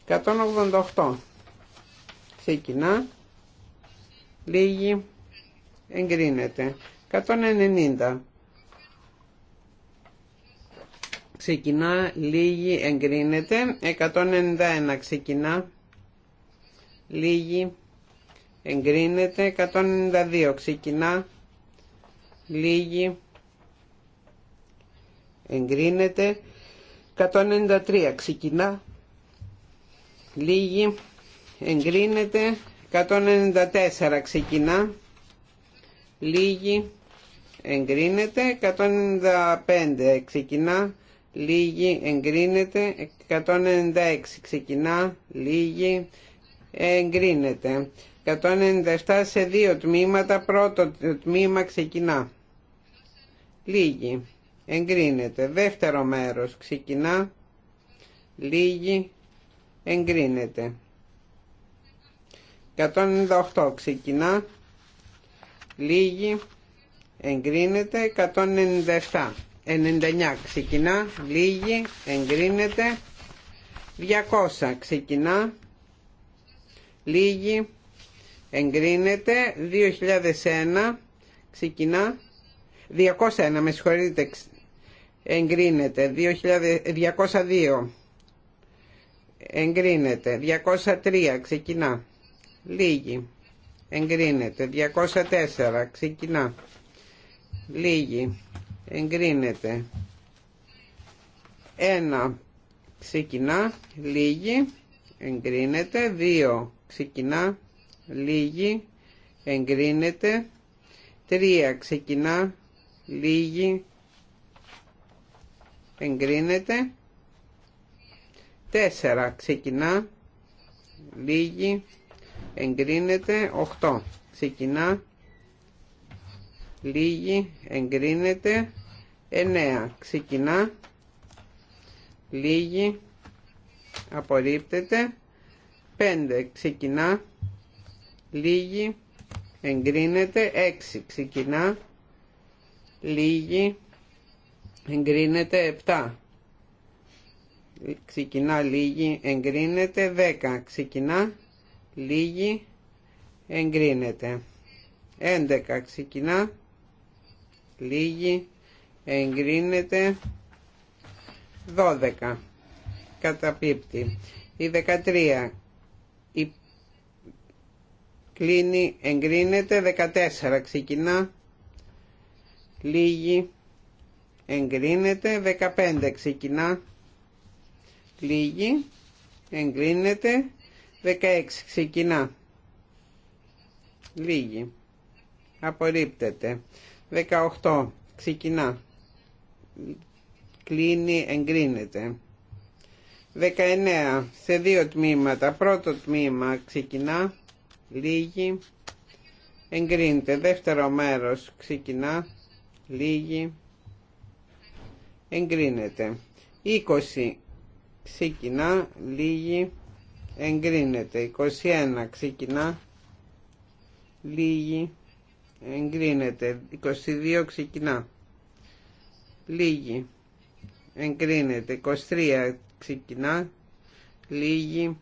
188. Ξεκινά. Λίγη. Εγκρίνεται. 190. Ξεκινά. Λίγη. Εγκρίνεται. 191. Ξεκινά. Λίγη. Εγκρίνεται. 192. Ξεκινά. Λίγη. Εγκρίνεται. 193. Ξεκινά. Λίγη εγκρίνεται 194 ξεκινά λίγη εγκρίνεται 195 ξεκινά λίγη εγκρίνεται 196 ξεκινά λίγη εγκρίνεται 197 σε δύο τμήματα πρώτο τμήμα ξεκινά λίγη εγκρίνεται δεύτερο μέρος ξεκινά λίγη εγκρίνεται 198 ξεκινά λίγη εγκρίνεται 197 99 ξεκινά λίγη εγκρίνεται 200 ξεκινά λίγη εγκρίνεται 2001 ξεκινά 201 με συγχωρείτε εγκρίνεται 202 εγκρίνεται 203 ξεκινά Λίγη. Εγκρίνεται. 204. Ξεκινά. Λίγη. Εγκρίνεται. 1. Ξεκινά. Λίγη. Εγκρίνεται. 2. Ξεκινά. Λίγη. Εγκρίνεται. 3. Ξεκινά. Λίγη. Εγκρίνεται. 4. Ξεκινά. Λίγη εγκρίνεται 8 ξεκινά λίγη εγκρίνεται 9 ξεκινά λίγη απορρίπτεται 5 ξεκινά λίγη εγκρίνεται 6 ξεκινά λίγη εγκρίνεται 7 ξεκινά λίγη εγκρίνεται 10 ξεκινά λίγη εγκρίνεται 11 ξεκινά λίγη εγκρίνεται 12 καταπίπτει η 13 η... κλείνει εγκρίνεται 14 ξεκινά λίγη εγκρίνεται 15 ξεκινά λίγη εγκρίνεται 16 ξεκινά. Λίγη. Απορρίπτεται. 18 ξεκινά. Κλείνει, εγκρίνεται. 19 σε δύο τμήματα. Πρώτο τμήμα ξεκινά. Λίγη. Εγκρίνεται. Δεύτερο μέρος ξεκινά. Λίγη. Εγκρίνεται. 20 ξεκινά. Λίγη εγκρίνεται 21 ξεκινά λίγη εγκρίνεται 22 ξεκινά λίγη εγκρίνεται 23 ξεκινά λίγη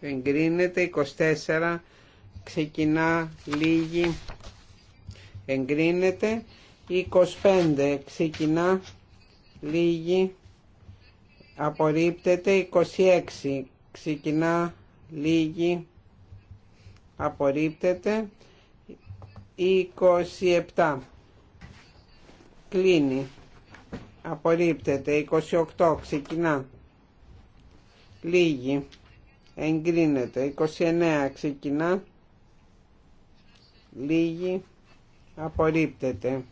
εγκρίνεται 24 ξεκινά λίγη εγκρίνεται 25 ξεκινά λίγη απορρίπτεται 26 ξεκινά, λίγη, απορρίπτεται, 27, κλείνει, απορρίπτεται, 28, ξεκινά, λίγη, εγκρίνεται, 29, ξεκινά, λίγη, απορρίπτεται.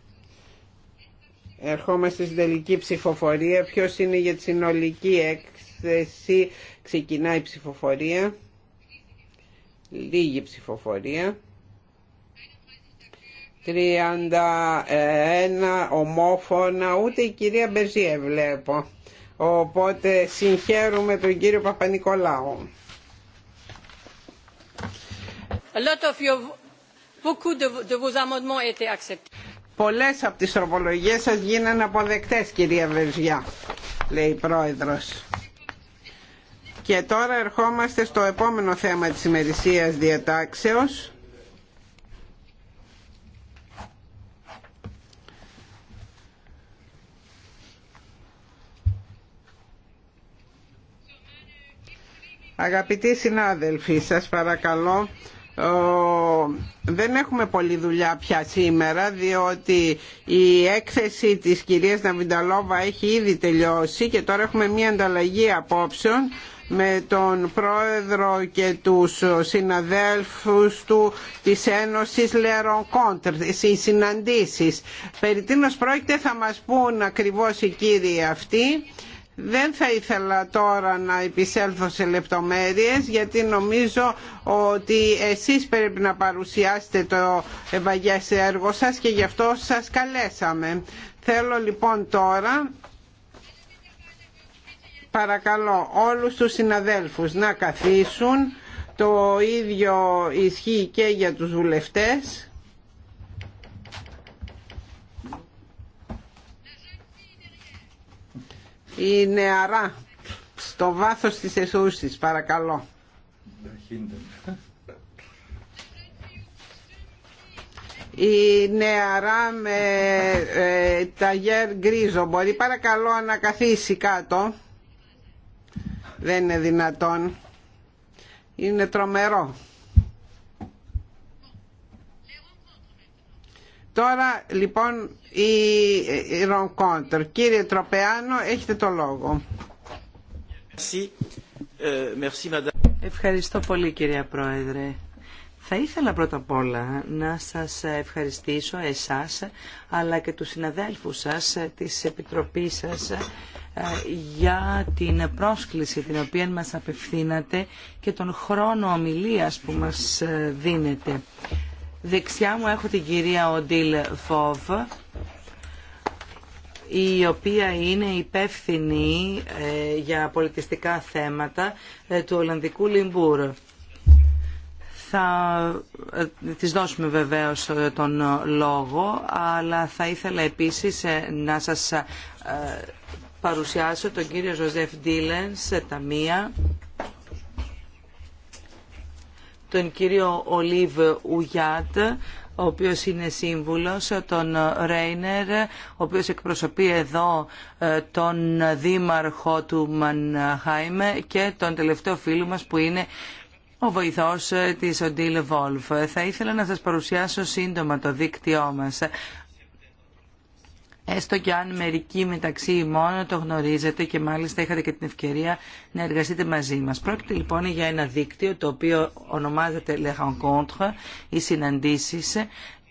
Ερχόμαστε στην τελική ψηφοφορία. Ποιος είναι για τη συνολική έξοδο. Εσύ Ξεκινάει η ψηφοφορία. Λίγη ψηφοφορία. 31 ομόφωνα, ούτε η κυρία Μπεζίε βλέπω. Οπότε συγχαίρουμε τον κύριο Παπα-Νικολάου. Πολλές από τις τροπολογίες σας γίνανε αποδεκτές κυρία Μπεζία, λέει η πρόεδρος. Και τώρα ερχόμαστε στο επόμενο θέμα της ημερησίας διατάξεως. Αγαπητοί συνάδελφοι, σας παρακαλώ δεν έχουμε πολλή δουλειά πια σήμερα διότι η έκθεση της κυρίας Ναβινταλόβα έχει ήδη τελειώσει και τώρα έχουμε μια ανταλλαγή απόψεων με τον πρόεδρο και τους συναδέλφους του της Ένωσης Λερον Κόντρ, οι συναντήσεις. Περί τίνος πρόκειται θα μας πούν ακριβώς οι κύριοι αυτοί. Δεν θα ήθελα τώρα να επισέλθω σε λεπτομέρειες γιατί νομίζω ότι εσείς πρέπει να παρουσιάσετε το ευαγιές έργο σας και γι' αυτό σας καλέσαμε. Θέλω λοιπόν τώρα Παρακαλώ όλους τους συναδέλφους να καθίσουν. Το ίδιο ισχύει και για τους βουλευτές. Η νεαρά στο βάθος της εσούσης, παρακαλώ. Η νεαρά με ε, τα γκρίζο μπορεί παρακαλώ να καθίσει κάτω δεν είναι δυνατόν. Είναι τρομερό. Τώρα λοιπόν η, η Ρονκόντρ. Κύριε Τροπεάνο, έχετε το λόγο. Ε, Ευχαριστώ πολύ κύριε Πρόεδρε. Θα ήθελα πρώτα απ' όλα να σας ευχαριστήσω εσάς αλλά και τους συναδέλφους σας της Επιτροπής σας για την πρόσκληση την οποία μας απευθύνατε και τον χρόνο ομιλίας που μας δίνετε. Δεξιά μου έχω την κυρία Οντίλ Φόβ, η οποία είναι υπεύθυνη ε, για πολιτιστικά θέματα ε, του Ολλανδικού Λιμπούρ. Θα ε, της δώσουμε βεβαίως τον λόγο, αλλά θα ήθελα επίσης να σας παρουσιάσω τον κύριο Ζωζεφ Ντίλεν σε ταμεία, τον κύριο Ολίβ Ουγιάτ, ο οποίος είναι σύμβουλος, τον Ρέινερ, ο οποίος εκπροσωπεί εδώ ε, τον δήμαρχο του Μανχάιμ και τον τελευταίο φίλο μας που είναι ο βοηθός ε, της Οντίλε Βόλφ. Θα ήθελα να σας παρουσιάσω σύντομα το δίκτυό μας. Έστω και αν μερικοί μεταξύ μόνο το γνωρίζετε και μάλιστα είχατε και την ευκαιρία να εργαστείτε μαζί μας. Πρόκειται λοιπόν για ένα δίκτυο το οποίο ονομάζεται "le rencontre" οι συναντήσεις,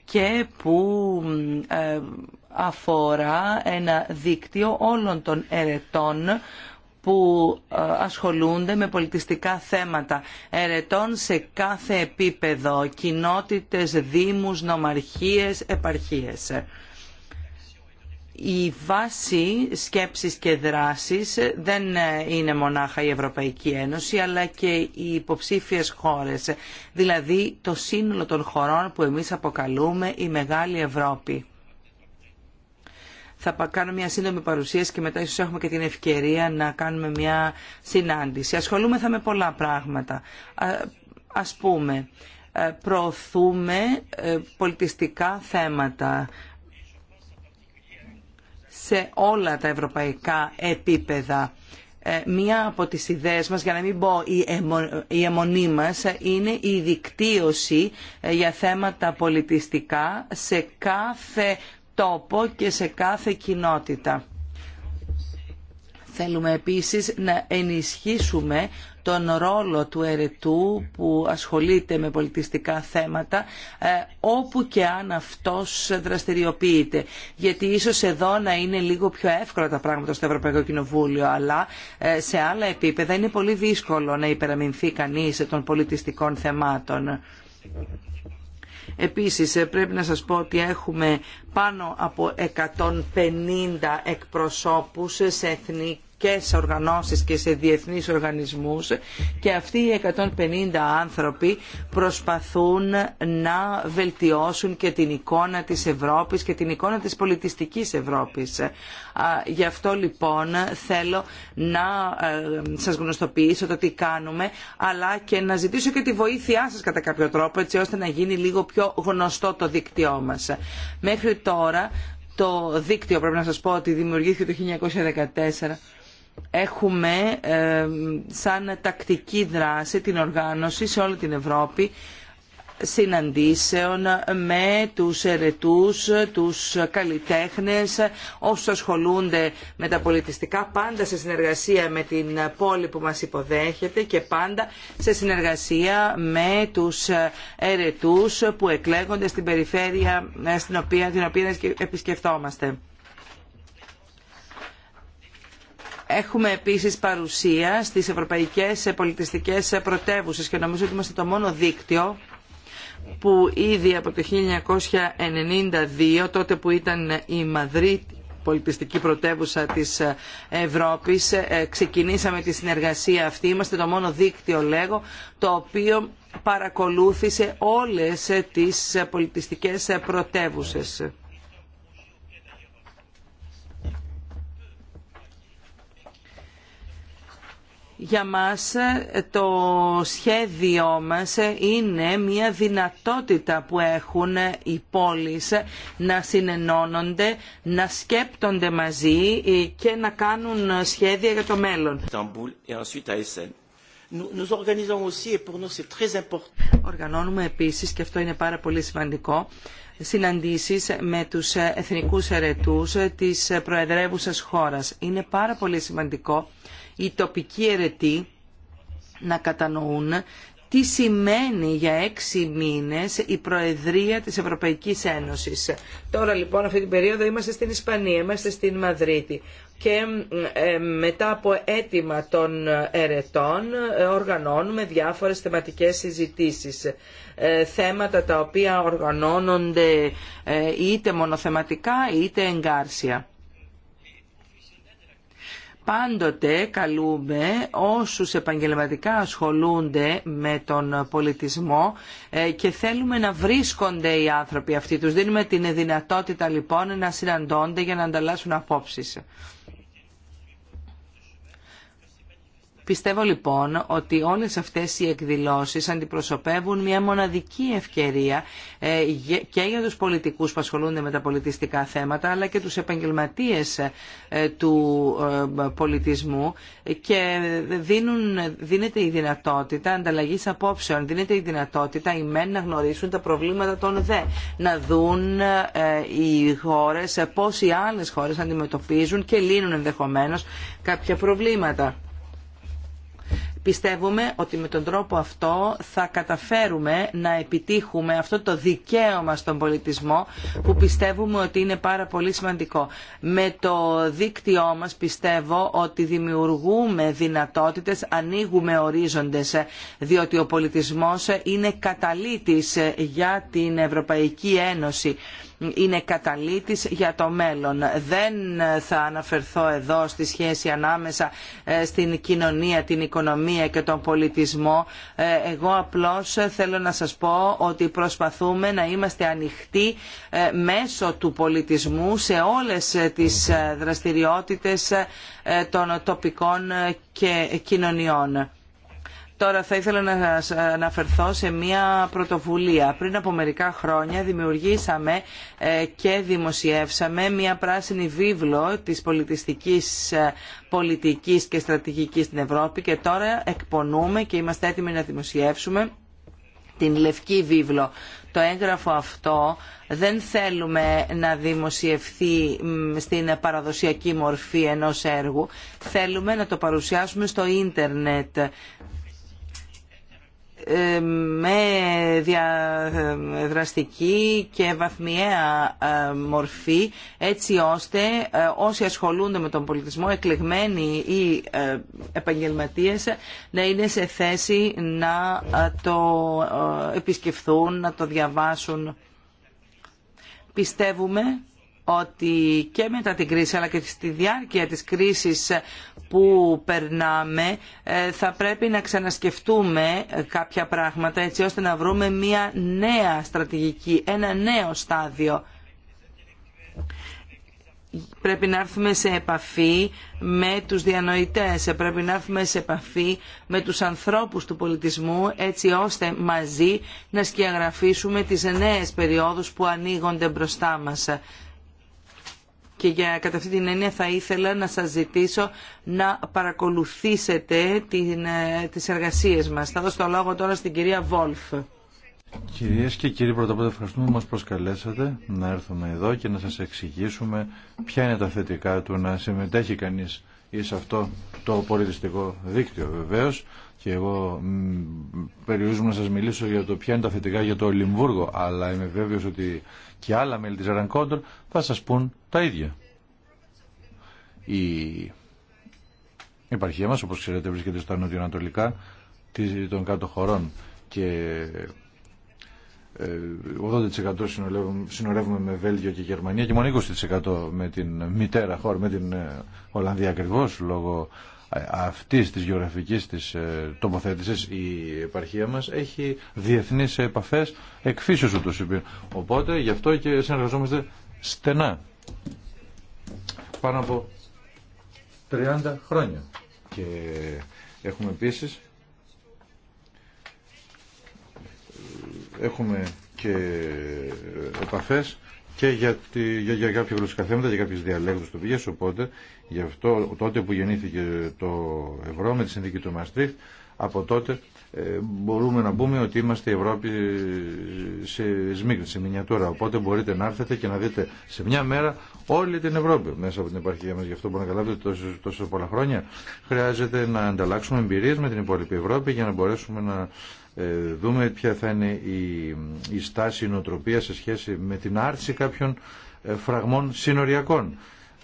και που ε, αφορά ένα δίκτυο όλων των ερετών που ε, ασχολούνται με πολιτιστικά θέματα ερετών σε κάθε επίπεδο, κοινότητες, δήμους, νομαρχίες, επαρχίες η βάση σκέψης και δράσης δεν είναι μονάχα η Ευρωπαϊκή Ένωση αλλά και οι υποψήφιες χώρες, δηλαδή το σύνολο των χωρών που εμείς αποκαλούμε η Μεγάλη Ευρώπη. Θα κάνω μια σύντομη παρουσίαση και μετά ίσως έχουμε και την ευκαιρία να κάνουμε μια συνάντηση. Ασχολούμεθα με πολλά πράγματα. Ας πούμε, ε, προωθούμε ε, πολιτιστικά θέματα σε όλα τα ευρωπαϊκά επίπεδα. Ε, μία από τις ιδέες μας, για να μην πω η αιμονή μας, είναι η δικτύωση ε, για θέματα πολιτιστικά σε κάθε τόπο και σε κάθε κοινότητα. Θέλουμε επίσης να ενισχύσουμε τον ρόλο του ερετού που ασχολείται με πολιτιστικά θέματα ε, όπου και αν αυτός δραστηριοποιείται. Γιατί ίσως εδώ να είναι λίγο πιο εύκολα τα πράγματα στο Ευρωπαϊκό Κοινοβούλιο αλλά ε, σε άλλα επίπεδα είναι πολύ δύσκολο να υπεραμεινθεί κανείς των πολιτιστικών θεμάτων. Επίσης ε, πρέπει να σας πω ότι έχουμε πάνω από 150 εκπροσώπους σε εθνική σε οργανώσεις και σε διεθνείς οργανισμούς και αυτοί οι 150 άνθρωποι προσπαθούν να βελτιώσουν και την εικόνα της Ευρώπης και την εικόνα της πολιτιστικής Ευρώπης. Γι' αυτό λοιπόν θέλω να ε, σας γνωστοποιήσω το τι κάνουμε αλλά και να ζητήσω και τη βοήθειά σας κατά κάποιο τρόπο έτσι ώστε να γίνει λίγο πιο γνωστό το δίκτυό μας. Μέχρι τώρα το δίκτυο πρέπει να σας πω ότι δημιουργήθηκε το 1914 έχουμε ε, σαν τακτική δράση την οργάνωση σε όλη την Ευρώπη συναντήσεων με τους ερετούς, τους καλλιτέχνες, όσους ασχολούνται με τα πολιτιστικά, πάντα σε συνεργασία με την πόλη που μας υποδέχεται και πάντα σε συνεργασία με τους ερετούς που εκλέγονται στην περιφέρεια ε, στην οποία, την οποία επισκεφτόμαστε. Έχουμε επίσης παρουσία στι Ευρωπαϊκέ πολιτιστικέ πρωτεύουσε και νομίζω ότι είμαστε το μόνο δίκτυο που ήδη από το 1992, τότε που ήταν η Μαδρίτη, πολιτιστική πρωτεύουσα της Ευρώπης, ε, ξεκινήσαμε τη συνεργασία αυτή. Είμαστε το μόνο δίκτυο, λέγω, το οποίο παρακολούθησε όλες τις πολιτιστικές πρωτεύουσες για μας ε, το σχέδιό μας ε, είναι μια δυνατότητα που έχουν ε, οι πόλεις να συνενώνονται, να σκέπτονται μαζί και να κάνουν σχέδια για το μέλλον. Οργανώνουμε επίσης, και αυτό είναι πάρα πολύ σημαντικό, συναντήσεις με τους εθνικούς ερετούς της προεδρεύουσας χώρας. Είναι πάρα πολύ σημαντικό οι τοπικοί αιρετοί να κατανοούν τι σημαίνει για έξι μήνες η Προεδρία της Ευρωπαϊκής Ένωσης. Τώρα λοιπόν αυτή την περίοδο είμαστε στην Ισπανία, είμαστε στην Μαδρίτη και ε, μετά από αίτημα των ερετών ε, οργανώνουμε διάφορες θεματικές συζητήσεις. Ε, θέματα τα οποία οργανώνονται είτε μονοθεματικά είτε εγκάρσια. Πάντοτε καλούμε όσους επαγγελματικά ασχολούνται με τον πολιτισμό ε, και θέλουμε να βρίσκονται οι άνθρωποι αυτοί. Τους δίνουμε την δυνατότητα λοιπόν να συναντώνται για να ανταλλάσσουν απόψεις. Πιστεύω λοιπόν ότι όλες αυτές οι εκδηλώσεις αντιπροσωπεύουν μια μοναδική ευκαιρία ε, και για τους πολιτικούς που ασχολούνται με τα πολιτιστικά θέματα αλλά και τους επαγγελματίες ε, του ε, πολιτισμού και δίνουν, δίνεται η δυνατότητα ανταλλαγής απόψεων, δίνεται η δυνατότητα οι μεν να γνωρίσουν τα προβλήματα των δε, να δουν οι χώρες πώς οι άλλες χώρες αντιμετωπίζουν και λύνουν ενδεχομένως κάποια προβλήματα. Πιστεύουμε ότι με τον τρόπο αυτό θα καταφέρουμε να επιτύχουμε αυτό το δικαίωμα στον πολιτισμό που πιστεύουμε ότι είναι πάρα πολύ σημαντικό. Με το δίκτυό μας πιστεύω ότι δημιουργούμε δυνατότητες, ανοίγουμε ορίζοντες, διότι ο πολιτισμός είναι καταλήτης για την Ευρωπαϊκή Ένωση είναι καταλήτης για το μέλλον. Δεν θα αναφερθώ εδώ στη σχέση ανάμεσα ε, στην κοινωνία, την οικονομία και τον πολιτισμό. Ε, εγώ απλώς θέλω να σας πω ότι προσπαθούμε να είμαστε ανοιχτοί ε, μέσω του πολιτισμού σε όλες τις δραστηριότητες των τοπικών και κοινωνιών. Τώρα θα ήθελα να αναφερθώ σε μια πρωτοβουλία. Πριν από μερικά χρόνια δημιουργήσαμε ε, και δημοσιεύσαμε μια πράσινη βίβλο της πολιτιστικής ε, πολιτικής και στρατηγικής στην Ευρώπη και τώρα εκπονούμε και είμαστε έτοιμοι να δημοσιεύσουμε την Λευκή Βίβλο. Το έγγραφο αυτό δεν θέλουμε να δημοσιευθεί στην παραδοσιακή μορφή ενός έργου. Θέλουμε να το παρουσιάσουμε στο ίντερνετ ε, με διαδραστική ε, και βαθμιαία ε, μορφή έτσι ώστε όσοι ασχολούνται με τον πολιτισμό, εκλεγμένοι ή επαγγελματίες να είναι σε θέση να το επισκεφθούν, να το διαβάσουν. Πιστεύουμε ότι και μετά την κρίση αλλά και στη διάρκεια της κρίσης που περνάμε ε, θα πρέπει να ξανασκεφτούμε κάποια πράγματα έτσι ώστε να βρούμε μια νέα στρατηγική, ένα νέο στάδιο. Πρέπει να έρθουμε σε επαφή με τους διανοητές, πρέπει να έρθουμε σε επαφή με τους ανθρώπους του πολιτισμού έτσι ώστε μαζί να σκιαγραφίσουμε τις νέες περιόδους που ανοίγονται μπροστά μας και για, κατά αυτή την έννοια θα ήθελα να σας ζητήσω να παρακολουθήσετε την, ε, τις εργασίες μας. Θα δώσω το λόγο τώρα στην κυρία Βόλφ. Κυρίες και κύριοι, πρώτα απ' όλα ευχαριστούμε που μας προσκαλέσατε να έρθουμε εδώ και να σας εξηγήσουμε ποια είναι τα θετικά του να συμμετέχει κανείς σε αυτό το πολιτιστικό δίκτυο βεβαίω. και εγώ περιορίζομαι να σας μιλήσω για το ποια είναι τα θετικά για το Ολυμβούργο αλλά είμαι βέβαιος ότι και άλλα μέλη της Ρανκόντορ θα σας πούν τα ίδια. Η επαρχία μας, όπως ξέρετε, βρίσκεται στα νοτιοανατολικά των κάτω χωρών και 80% ε, συνορεύουμε με Βέλγιο και Γερμανία και μόνο 20% με την μητέρα χώρα, με την ε, Ολλανδία ακριβώ λόγω ε, αυτής της γεωγραφικής της τοποθέτησης η επαρχία μας έχει διεθνείς επαφές εκφύσεως ούτως Οπότε γι' αυτό και συνεργαζόμαστε στενά πάνω από 30 χρόνια. Και έχουμε επίσης έχουμε και επαφές και για, τη, για, για κάποια γλωσσικά θέματα, για κάποιες του πηγές, οπότε γι' αυτό τότε που γεννήθηκε το ευρώ με τη συνθήκη του Μαστρίχτ, από τότε ε, μπορούμε να πούμε ότι είμαστε η Ευρώπη σε σμίγνη, σε μινιατούρα. Οπότε μπορείτε να έρθετε και να δείτε σε μια μέρα όλη την Ευρώπη μέσα από την επαρχία μας. Γι' αυτό μπορείτε να καταλάβετε τόσο, τόσο πολλά χρόνια χρειάζεται να ανταλλάξουμε εμπειρίες με την υπόλοιπη Ευρώπη για να μπορέσουμε να ε, δούμε ποια θα είναι η, η στάση, η νοοτροπία σε σχέση με την άρση κάποιων ε, φραγμών συνοριακών.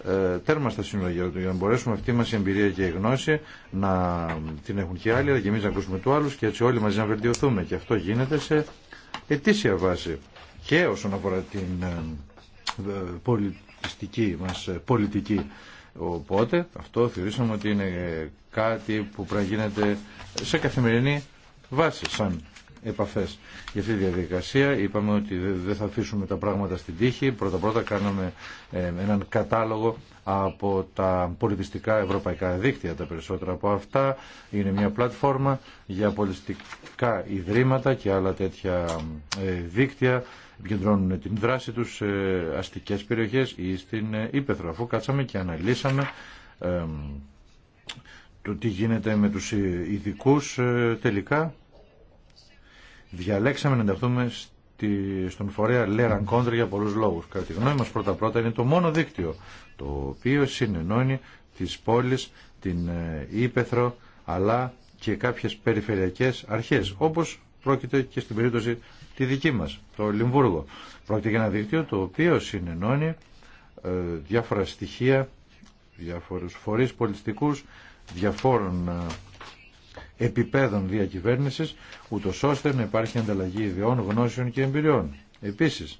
Ε, τέρμα στα σύνορα για να μπορέσουμε αυτή μας η εμπειρία και η γνώση να την έχουν και άλλοι αλλά και εμείς να ακούσουμε του άλλους και έτσι όλοι μαζί να βελτιωθούμε και αυτό γίνεται σε ετήσια βάση και όσον αφορά την ε, ε, πολιτιστική μας πολιτική οπότε αυτό θεωρήσαμε ότι είναι κάτι που πρέπει να γίνεται σε καθημερινή βάση σαν Επαφέ για αυτή τη διαδικασία. Είπαμε ότι δεν θα αφήσουμε τα πράγματα στην τύχη. Πρώτα-πρώτα κάναμε ε, έναν κατάλογο από τα πολιτιστικά ευρωπαϊκά δίκτυα. Τα περισσότερα από αυτά είναι μια πλατφόρμα για πολιτιστικά ιδρύματα και άλλα τέτοια ε, δίκτυα επικεντρώνουν την δράση τους σε αστικές περιοχές ή στην ε, Ήπεθρο. Αφού κάτσαμε και αναλύσαμε το τι γίνεται με τους ειδικού τελικά Διαλέξαμε να ενταχθούμε στον φορέα Λέραν Κόντρα για πολλούς λόγους. Κατά τη γνώμη μας πρώτα-πρώτα είναι το μόνο δίκτυο το οποίο συνενώνει τις πόλεις, την ε, Ήπεθρο αλλά και κάποιες περιφερειακές αρχές όπως πρόκειται και στην περίπτωση τη δική μας, το Λιμβούργο. Πρόκειται για ένα δίκτυο το οποίο συνενώνει ε, διάφορα στοιχεία, διάφορους φορείς πολιτιστικού, διαφόρων ε, επιπέδων διακυβέρνηση ούτω ώστε να υπάρχει ανταλλαγή ιδεών, γνώσεων και εμπειριών. Επίσης,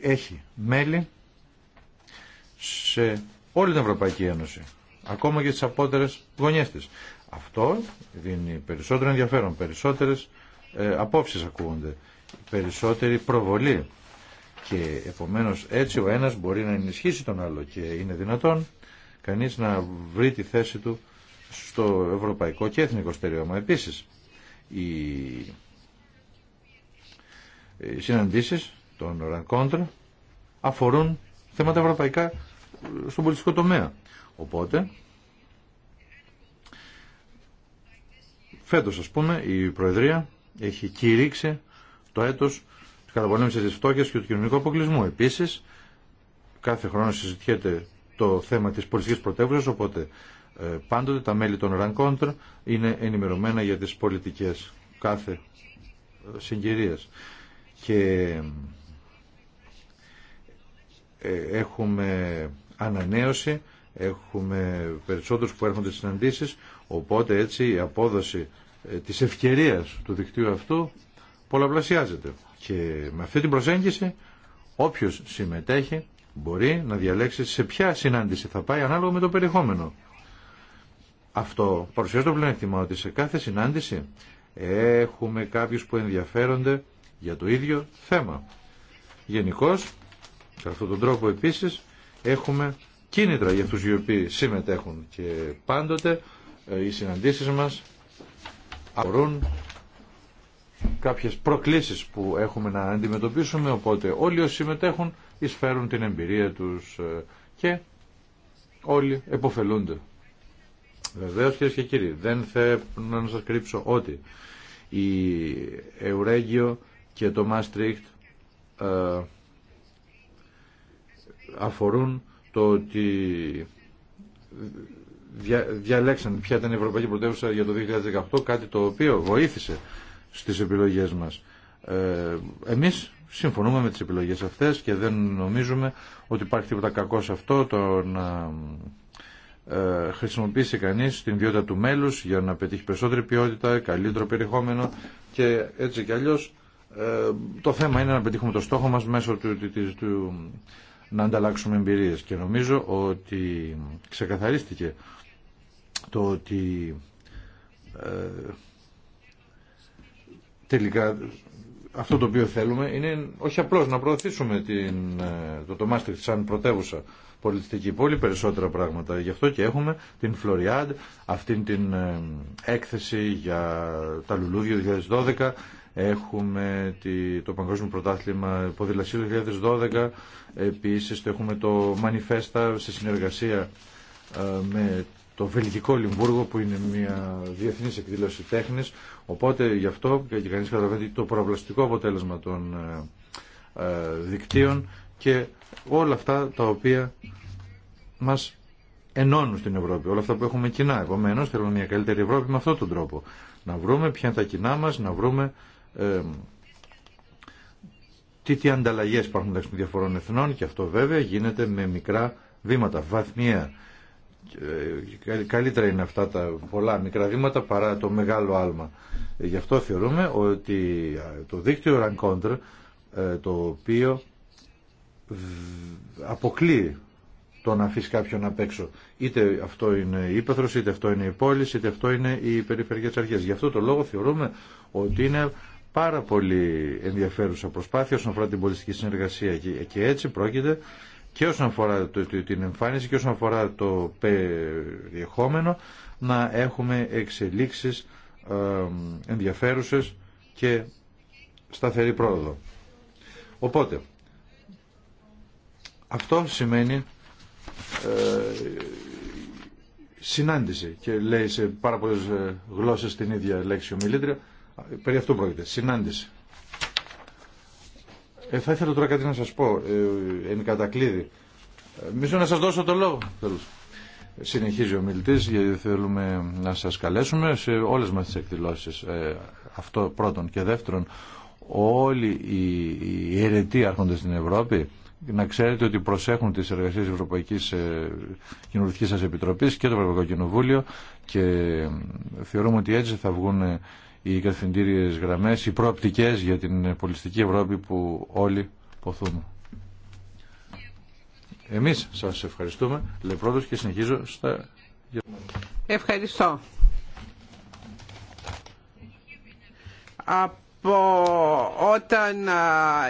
έχει μέλη σε όλη την Ευρωπαϊκή Ένωση, ακόμα και στις απότερε γωνιές της. Αυτό δίνει περισσότερο ενδιαφέρον, περισσότερες ε, ακούγονται, περισσότερη προβολή και επομένως έτσι ο ένας μπορεί να ενισχύσει τον άλλο και είναι δυνατόν κανείς να βρει τη θέση του στο ευρωπαϊκό και εθνικό στερεώμα. Επίσης, οι συναντήσεις των Ρανκόντρα αφορούν θέματα ευρωπαϊκά ε, στον πολιτικό τομέα. Οπότε, φέτος ας πούμε η Προεδρία έχει κηρύξει το έτος της καταπολέμησης της φτώχειας και του κοινωνικού αποκλεισμού. Επίσης, κάθε χρόνο συζητιέται το θέμα της πολιτικής πρωτεύουσας, οπότε ε, πάντοτε τα μέλη των Ρανκόντρ είναι ενημερωμένα για τις πολιτικές κάθε ε, συγκυρίας. Και ε, έχουμε ανανέωση, έχουμε περισσότερους που έρχονται στις συναντήσεις, οπότε έτσι η απόδοση της ευκαιρίας του δικτύου αυτού πολλαπλασιάζεται. Και με αυτή την προσέγγιση όποιος συμμετέχει μπορεί να διαλέξει σε ποια συνάντηση θα πάει ανάλογα με το περιεχόμενο. Αυτό παρουσιάζει το πλεονέκτημα ότι σε κάθε συνάντηση έχουμε κάποιους που ενδιαφέρονται για το ίδιο θέμα. Γενικώ, σε αυτόν τον τρόπο επίσης έχουμε κίνητρα για αυτούς οι οποίοι συμμετέχουν και πάντοτε ε, οι συναντήσεις μας αφορούν κάποιες προκλήσεις που έχουμε να αντιμετωπίσουμε οπότε όλοι όσοι συμμετέχουν εισφέρουν την εμπειρία τους ε, και όλοι εποφελούνται. Βεβαίως κυρίε και κύριοι, δεν θέλω να σας κρύψω ότι η Εουρέγιο και το Μάστριχτ ε, αφορούν το ότι διαλέξαν ποια ήταν η Ευρωπαϊκή Πρωτεύουσα για το 2018, κάτι το οποίο βοήθησε στις επιλογές μας. Ε, εμείς συμφωνούμε με τις επιλογές αυτές και δεν νομίζουμε ότι υπάρχει τίποτα κακό σε αυτό το να ε, χρησιμοποιήσει κανείς την ποιότητα του μέλους για να πετύχει περισσότερη ποιότητα, καλύτερο περιεχόμενο και έτσι κι αλλιώς ε, το θέμα είναι να πετύχουμε το στόχο μας μέσω του, του, να ανταλλάξουμε εμπειρίες και νομίζω ότι ξεκαθαρίστηκε το ότι ε, τελικά αυτό το οποίο θέλουμε είναι όχι απλώς να προωθήσουμε την, ε, το, το σαν πρωτεύουσα πολιτιστική, πολύ περισσότερα πράγματα. Γι' αυτό και έχουμε την Φλωριάντ, αυτήν την ε, έκθεση για τα λουλούδια 2012, έχουμε το Παγκόσμιο Πρωτάθλημα Ποδηλασίου 2012, επίσης έχουμε το Μανιφέστα σε συνεργασία ε, με το Βελγικό Λιμβούργο που είναι μια διεθνή εκδήλωση τέχνη. Οπότε γι' αυτό και κανεί καταλαβαίνει το προβλαστικό αποτέλεσμα των ε, ε, δικτύων και όλα αυτά τα οποία μα ενώνουν στην Ευρώπη, όλα αυτά που έχουμε κοινά. Επομένω θέλουμε μια καλύτερη Ευρώπη με αυτόν τον τρόπο. Να βρούμε ποια είναι τα κοινά μα, να βρούμε ε, τι, τι ανταλλαγέ υπάρχουν μεταξύ των διαφορών εθνών και αυτό βέβαια γίνεται με μικρά βήματα, βαθμία ε, καλύτερα είναι αυτά τα πολλά μικρά βήματα παρά το μεγάλο άλμα. Ε, γι' αυτό θεωρούμε ότι το δίκτυο Rancontr ε, το οποίο αποκλείει το να αφήσει κάποιον απ' έξω. Είτε αυτό είναι η ύπεθρος, είτε αυτό είναι η πόλη, είτε αυτό είναι οι περιφερειακές αρχές. Γι' αυτό το λόγο θεωρούμε ότι είναι πάρα πολύ ενδιαφέρουσα προσπάθεια όσον αφορά την πολιτική συνεργασία και έτσι πρόκειται και όσον αφορά την εμφάνιση και όσον αφορά το περιεχόμενο να έχουμε εξελίξεις ενδιαφέρουσες και σταθερή πρόοδο. Οπότε, αυτό σημαίνει ε, συνάντηση και λέει σε πάρα πολλές ε, γλώσσες την ίδια λέξη ομιλήτρια περί αυτού πρόκειται, συνάντηση ε, θα ήθελα τώρα κάτι να σας πω, ε, εν κατακλείδη. Ε, μισό να σας δώσω το λόγο. Συνεχίζει ο μιλητής γιατί θέλουμε να σας καλέσουμε σε όλες μας τις εκδηλώσεις. Ε, αυτό πρώτον και δεύτερον, όλοι οι, οι αιρετοί στην Ευρώπη να ξέρετε ότι προσέχουν τις εργασίες της Ευρωπαϊκής ε, Κοινοβουλικής σας Επιτροπής και το Ευρωπαϊκό Κοινοβούλιο και ε, θεωρούμε ότι έτσι θα βγουν οι καθυντήριες γραμμές, οι προοπτικές για την πολιτιστική Ευρώπη που όλοι ποθούμε. Εμείς σας ευχαριστούμε. Λεπρόντος και συνεχίζω στα... Ευχαριστώ όταν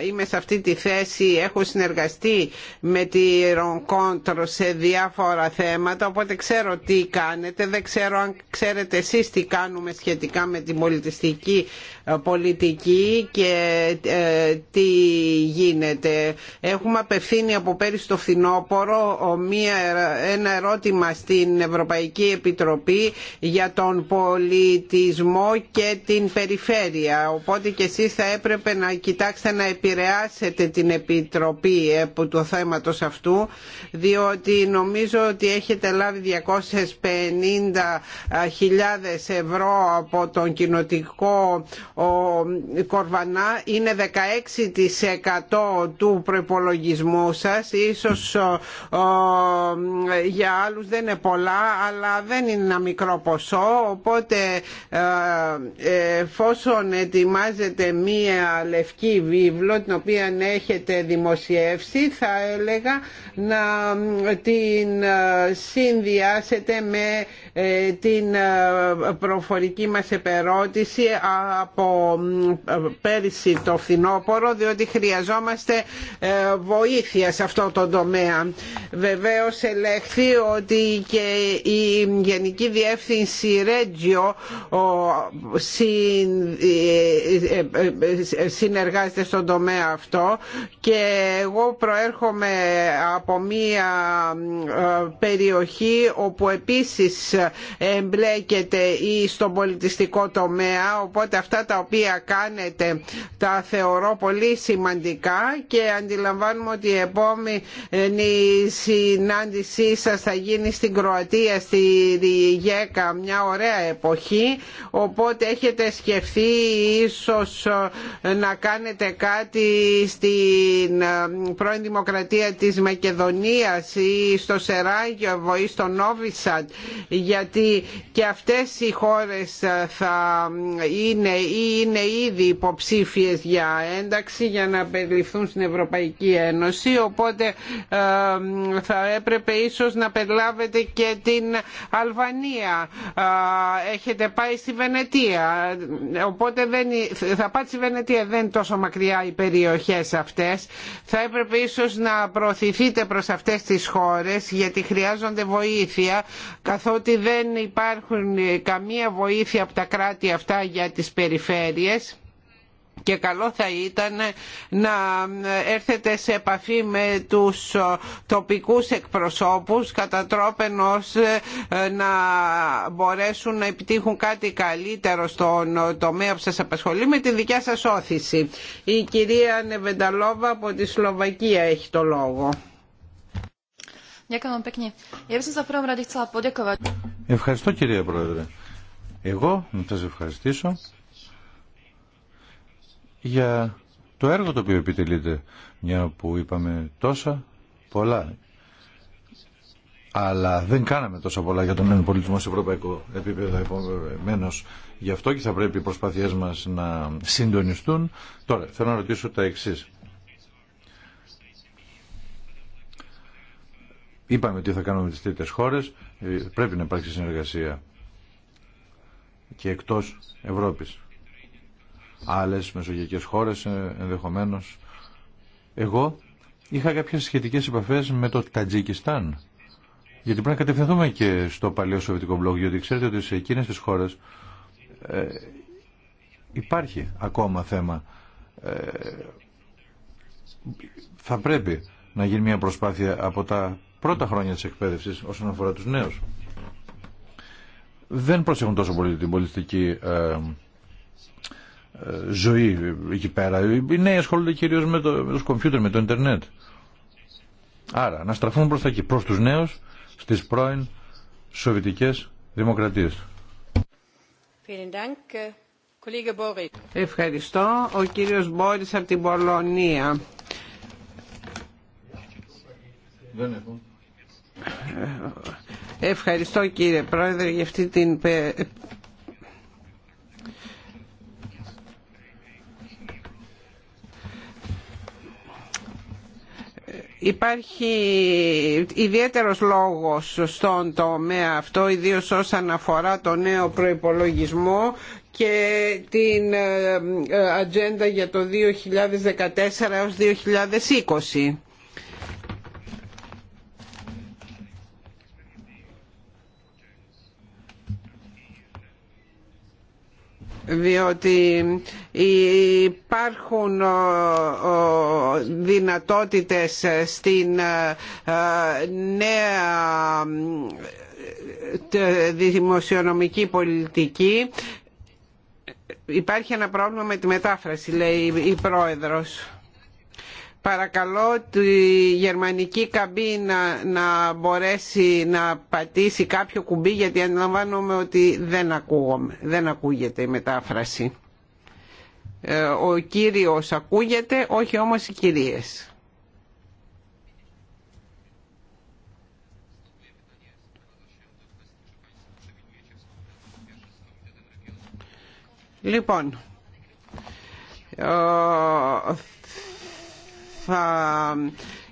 είμαι σε αυτή τη θέση έχω συνεργαστεί με τη Ρονκόντρο σε διάφορα θέματα οπότε ξέρω τι κάνετε δεν ξέρω αν ξέρετε εσείς τι κάνουμε σχετικά με την πολιτιστική ε, πολιτική και ε, τι γίνεται. Έχουμε απευθύνει από πέρυσι το φθινόπωρο μία, ένα ερώτημα στην Ευρωπαϊκή Επιτροπή για τον πολιτισμό και την περιφέρεια οπότε και εσείς θα έπρεπε να κοιτάξετε να επηρεάσετε την Επιτροπή του ε, θέματος αυτού διότι νομίζω ότι έχετε λάβει 250.000 ευρώ από τον κοινοτικό Κορβανά είναι 16% του προπολογισμού σας ίσως για άλλους δεν είναι πολλά αλλά δεν είναι ένα μικρό ποσό οπότε ε, ε, εφόσον ετοιμάζει βάζετε μία λευκή βίβλο την οποία έχετε δημοσιεύσει θα έλεγα να την ε, συνδυάσετε με ε, την ε, προφορική μας επερώτηση από ε, πέρυσι το φθινόπωρο διότι χρειαζόμαστε βοήθεια σε αυτό το τομέα. Βεβαίως ελέγχθη ότι και η Γενική Διεύθυνση Ρέτζιο συνεργάζεται στον τομέα αυτό και εγώ προέρχομαι από μία περιοχή όπου επίσης εμπλέκεται ή στον πολιτιστικό τομέα οπότε αυτά τα οποία κάνετε τα θεωρώ πολύ σημαντικά και αντιλαμβάνουμε ότι η επόμενη συνάντησή σας θα γίνει στην Κροατία στη Γέκα μια ωραία εποχή οπότε έχετε σκεφτεί ίσως να κάνετε κάτι στην πρώην δημοκρατία της Μακεδονίας ή στο Σεράγιο ή στο Νόβισαντ για γιατί και αυτές οι χώρες ε, θα είναι ή είναι ήδη υποψήφιες για ένταξη για να περιληφθούν στην Ευρωπαϊκή Ένωση οπότε ε, θα έπρεπε ίσως να περιλάβετε και την Αλβανία ε, έχετε πάει στη Βενετία οπότε δεν, θα πάτε στη Βενετία δεν είναι τόσο μακριά οι περιοχές αυτές θα έπρεπε ίσως να προωθηθείτε προς αυτές τις χώρες γιατί χρειάζονται βοήθεια καθότι δεν υπάρχουν καμία βοήθεια από τα κράτη αυτά για τις περιφέρειες και καλό θα ήταν να έρθετε σε επαφή με τους τοπικούς εκπροσώπους κατά να μπορέσουν να επιτύχουν κάτι καλύτερο στον τομέα που σας απασχολεί με τη δικιά σας όθηση. Η κυρία Νεβενταλόβα από τη Σλοβακία έχει το λόγο. Ευχαριστώ κυρία Πρόεδρε. Εγώ να σας ευχαριστήσω για το έργο το οποίο επιτελείται, μια που είπαμε τόσα πολλά. Αλλά δεν κάναμε τόσα πολλά για τον πολιτισμό σε ευρωπαϊκό επίπεδο. Επομένω, γι' αυτό και θα πρέπει οι προσπάθειές μας να συντονιστούν. Τώρα, θέλω να ρωτήσω τα εξή. Είπαμε τι θα κάνουμε με τις τρίτες χώρες, ε, πρέπει να υπάρξει συνεργασία και εκτός Ευρώπης. Άλλες μεσογειακές χώρες ε, ενδεχομένως. Εγώ είχα κάποιες σχετικές επαφές με το Τατζικιστάν. Γιατί πρέπει να κατευθυνθούμε και στο παλιό Σοβιετικό μπλοκ, γιατί ξέρετε ότι σε εκείνες τις χώρες ε, υπάρχει ακόμα θέμα. Ε, θα πρέπει να γίνει μια προσπάθεια από τα πρώτα χρόνια της εκπαίδευσης όσον αφορά τους νέους. Δεν προσέχουν τόσο πολύ την πολιτική ε, ε, ζωή εκεί πέρα. Οι νέοι ασχολούνται κυρίως με το κομπιούτερ, με το ίντερνετ. Άρα, να στραφούν προς τα εκεί, προς τους νέους, στις πρώην σοβιτικές δημοκρατίες. Ευχαριστώ. Ο κύριος Μπόρις από την Πολωνία. Ευχαριστώ κύριε Πρόεδρε για αυτή την Υπάρχει ιδιαίτερος λόγος στον τομέα αυτό, ιδίως όσον αφορά το νέο προϋπολογισμό και την ε, ε, ατζέντα για το 2014 έως 2020. διότι υπάρχουν δυνατότητες στην ε, νέα δημοσιονομική πολιτική. Υπάρχει ένα πρόβλημα με τη μετάφραση, λέει η πρόεδρος. Παρακαλώ τη γερμανική καμπίνα να μπορέσει να πατήσει κάποιο κουμπί γιατί αντιλαμβάνομαι ότι δεν, ακούγομαι, δεν ακούγεται η μετάφραση. Ε, ο κύριος ακούγεται, όχι όμως οι κυρίες. Λοιπόν, ε, θα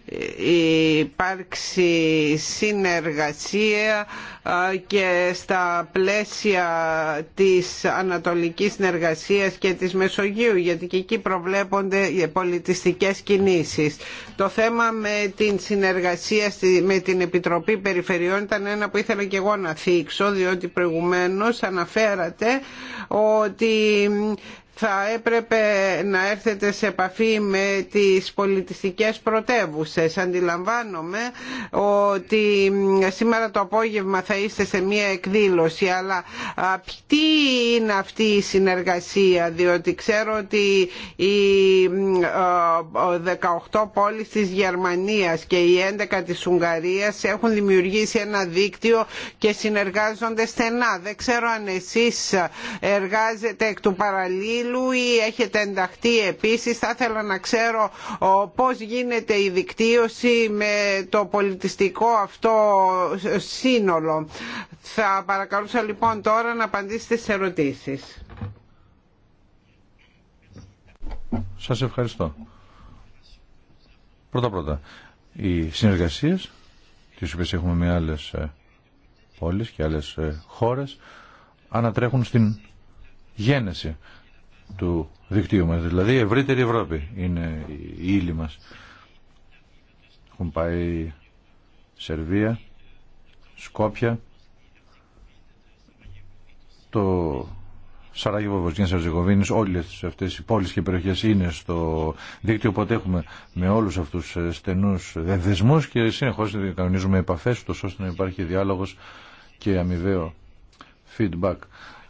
ε, υπάρξει συνεργασία και στα πλαίσια της ανατολικής συνεργασίας και της Μεσογείου γιατί και εκεί προβλέπονται πολιτιστικές κινήσεις. Το θέμα με την συνεργασία με την Επιτροπή Περιφερειών ήταν ένα που ήθελα και εγώ να θίξω διότι προηγουμένως αναφέρατε ότι θα έπρεπε να έρθετε σε επαφή με τις πολιτιστικές πρωτεύουσες. Αντιλαμβάνομαι ότι σήμερα το απόγευμα θα είστε σε μία εκδήλωση, αλλά τι είναι αυτή η συνεργασία, διότι ξέρω ότι οι 18 πόλεις της Γερμανίας και οι 11 της Ουγγαρίας έχουν δημιουργήσει ένα δίκτυο και συνεργάζονται στενά. Δεν ξέρω αν εσείς ε, εργάζετε εκ του παραλίου ασύλου ή έχετε ενταχθεί επίσης. Θα ήθελα να ξέρω πώς γίνεται η δικτύωση με το πολιτιστικό αυτό σύνολο. Θα παρακαλούσα λοιπόν τώρα να απαντήσετε στις ερωτήσεις. Σας ευχαριστώ. Πρώτα πρώτα, οι συνεργασίες τις οποίες έχουμε με άλλες ε, πόλεις και άλλες ε, χώρες ανατρέχουν στην γένεση του δικτύου μας. Δηλαδή ευρύτερη Ευρώπη είναι η ύλη μας. Έχουν πάει Σερβία, Σκόπια, το Σαράγιβο, Βοσνία, Σαρζεγοβίνης, όλες αυτές οι πόλεις και οι περιοχές είναι στο δίκτυο, οπότε έχουμε με όλους αυτούς ε, στενούς δεσμούς και συνεχώς κανονίζουμε επαφές, ώστε να υπάρχει διάλογος και αμοιβαίο feedback.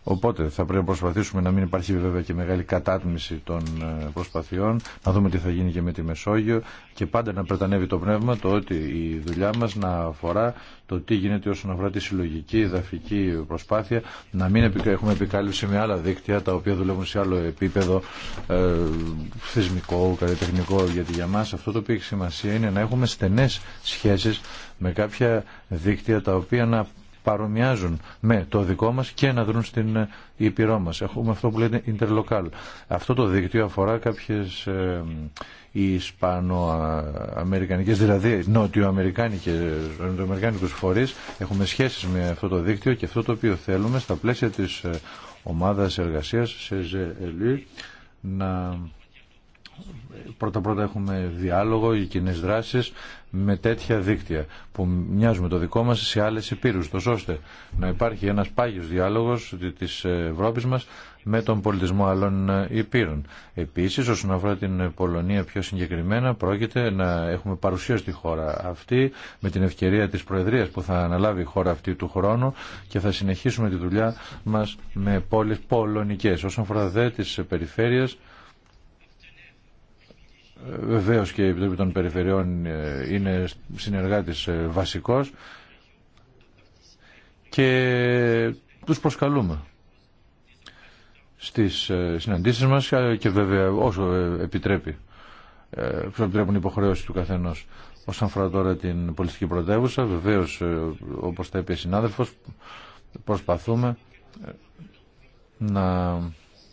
Οπότε θα πρέπει να προσπαθήσουμε να μην υπάρχει βέβαια και μεγάλη κατάτμιση των ε, προσπαθειών, να δούμε τι θα γίνει και με τη Μεσόγειο και πάντα να πρετανεύει το πνεύμα το ότι η δουλειά μας να αφορά το τι γίνεται όσον αφορά τη συλλογική, δαφική προσπάθεια, να μην έχουμε επικάλυψη με άλλα δίκτυα τα οποία δουλεύουν σε άλλο επίπεδο ε, θεσμικό, καλλιτεχνικό, γιατί για μας αυτό το οποίο έχει σημασία είναι να έχουμε στενές σχέσεις με κάποια δίκτυα τα οποία να παρομοιάζουν με το δικό μας και να δρουν στην ε, ήπειρό μας. Έχουμε αυτό που λένε interlocal. Αυτό το δίκτυο αφορά κάποιες ε, ισπανοαμερικανικές, δηλαδή νότιοαμερικάνικους φορείς. Έχουμε σχέσεις με αυτό το δίκτυο και αυτό το οποίο θέλουμε στα πλαίσια της ε, ομάδας εργασίας σε ΖΕΛΗ να πρώτα-πρώτα έχουμε διάλογο, ή κοινέ δράσει με τέτοια δίκτυα που μοιάζουν το δικό μα σε άλλε υπήρου, τόσο ώστε να υπάρχει ένα πάγιο διάλογο τη Ευρώπη μα με τον πολιτισμό άλλων υπήρων. Επίση, όσον αφορά την Πολωνία πιο συγκεκριμένα, πρόκειται να έχουμε παρουσία στη χώρα αυτή με την ευκαιρία τη Προεδρία που θα αναλάβει η χώρα αυτή του χρόνου και θα συνεχίσουμε τη δουλειά μα με πόλει πολωνικέ. Όσον αφορά δε τι περιφέρειες Βεβαίως και η Επιτροπή των Περιφερειών ε, είναι συνεργάτης ε, βασικός και τους προσκαλούμε στις ε, συναντήσεις μας και βέβαια όσο επιτρέπει όσο επιτρέπουν του καθενός όσον αφορά τώρα την πολιτική πρωτεύουσα βεβαίως όπως τα είπε η συνάδελφος προσπαθούμε να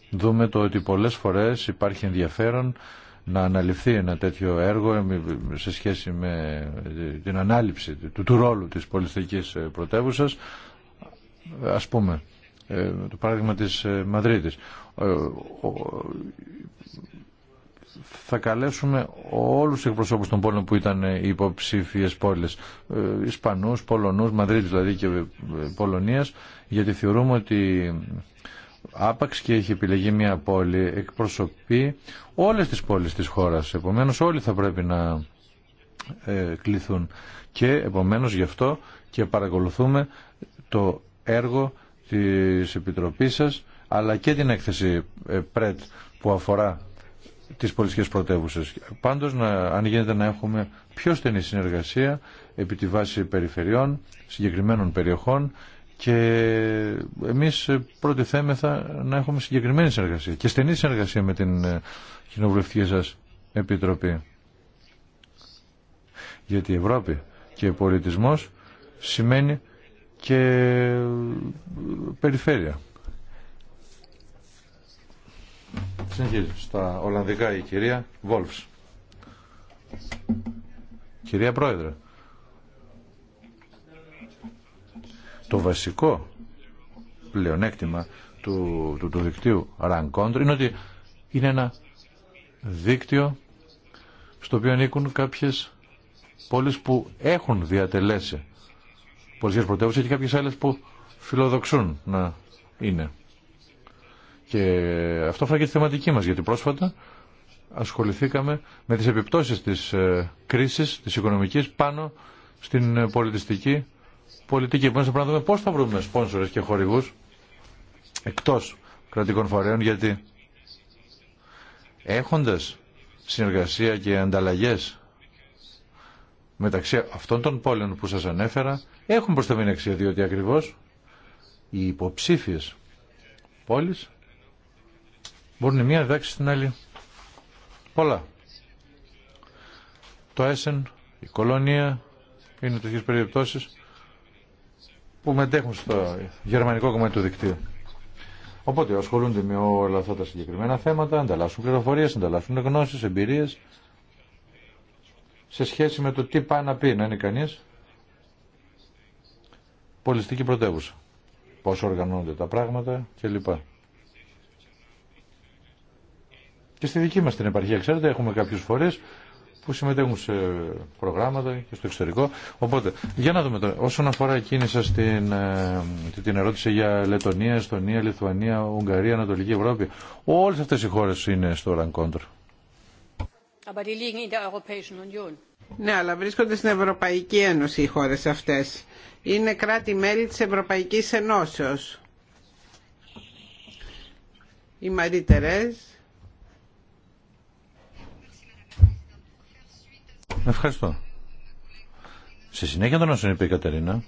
δούμε το ότι πολλές φορές υπάρχει ενδιαφέρον να αναλυφθεί ένα τέτοιο έργο σε σχέση με ε, την ανάληψη του, του ρόλου της πολιτικής ε, πρωτεύουσας. ας πούμε ε, το παράδειγμα της Μαδρίτης θα καλέσουμε όλους τους εκπροσώπους των πόλεων που ήταν υποψήφιες πόλεις Ισπανούς, Πολωνούς, Μαδρίτης δηλαδή και Πολωνίας γιατί θεωρούμε ότι άπαξ και έχει επιλεγεί μια πόλη εκπροσωπεί όλες τις πόλεις της χώρας επομένως όλοι θα πρέπει να ε, κληθούν και επομένως γι' αυτό και παρακολουθούμε το έργο της Επιτροπής σας αλλά και την έκθεση ε, ΠΡΕΤ που αφορά τις πολιτικές πρωτεύουσες. Πάντως, να, αν γίνεται να έχουμε πιο στενή συνεργασία επί τη βάση περιφερειών, συγκεκριμένων περιοχών και εμείς ε, πρώτη θέμεθα να έχουμε συγκεκριμένη συνεργασία και στενή συνεργασία με την ε, κοινοβουλευτική σας επιτροπή. Γιατί η Ευρώπη και ο πολιτισμός σημαίνει και ε, περιφέρεια. Συνεχίζει στα Ολλανδικά η κυρία Βόλφς. Κυρία Πρόεδρε. Το βασικό πλεονέκτημα του, του, του δικτύου Rancontr είναι ότι είναι ένα δίκτυο στο οποίο ανήκουν κάποιες πόλεις που έχουν διατελέσει πολιτικές πρωτεύουσες και κάποιες άλλες που φιλοδοξούν να είναι. Και αυτό φράγει τη θεματική μας, γιατί πρόσφατα ασχοληθήκαμε με τις επιπτώσεις της ε, κρίσης, της οικονομικής, πάνω στην ε, πολιτιστική πολιτική. Επομένως πρέπει να δούμε πώς θα βρούμε σπόνσορες και χορηγούς εκτός κρατικών φορέων γιατί έχοντας συνεργασία και ανταλλαγές μεταξύ αυτών των πόλεων που σας ανέφερα έχουν προσταμένη αξία διότι ακριβώς οι υποψήφιες πόλεις μπορούν η μία να διδάξει στην άλλη πολλά. Το Έσεν, η Κολονία είναι τέτοιες περιπτώσεις που μετέχουν στο γερμανικό κομμάτι του δικτύου. Οπότε ασχολούνται με όλα αυτά τα συγκεκριμένα θέματα, ανταλλάσσουν πληροφορίε, ανταλλάσσουν γνώσει, εμπειρίε σε σχέση με το τι πάει να πει να είναι κανεί πολιστική πρωτεύουσα. Πώ οργανώνονται τα πράγματα κλπ. Και στη δική μα την επαρχία, ξέρετε, έχουμε κάποιου φορεί που συμμετέχουν σε προγράμματα και στο εξωτερικό. Οπότε, για να δούμε τώρα, όσον αφορά εκείνη σα την, ε, την ερώτηση για Λετωνία, Εστονία, Λιθουανία, Ουγγαρία, Ανατολική Ευρώπη, όλες αυτές οι χώρες είναι στο Ρανκόντρο. Ναι, αλλά βρίσκονται στην Ευρωπαϊκή Ένωση οι χώρες αυτές. Είναι κράτη-μέλη της Ευρωπαϊκής Ενώσεω. Η Μαρή Τερέζ Ευχαριστώ. Σε συνέχεια τον όσων είπε η Κατερίνα,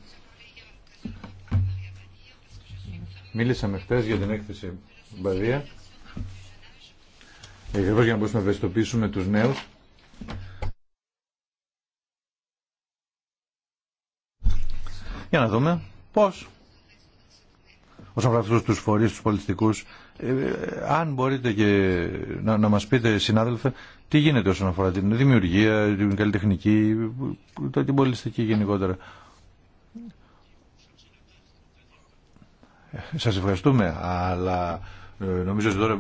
μίλησαμε χθε για την έκθεση Μπαδία. Ακριβώ για να μπορούμε να ευαισθητοποιήσουμε του νέου. Για να δούμε πώ. Όσον αφορά αυτού του φορεί, του πολιτιστικού, ε, αν μπορείτε και να, να μας πείτε συνάδελφε τι γίνεται όσον αφορά την δημιουργία, την καλλιτεχνική, την πολιτιστική γενικότερα. Ε, σας ευχαριστούμε, αλλά ε, νομίζω ότι τώρα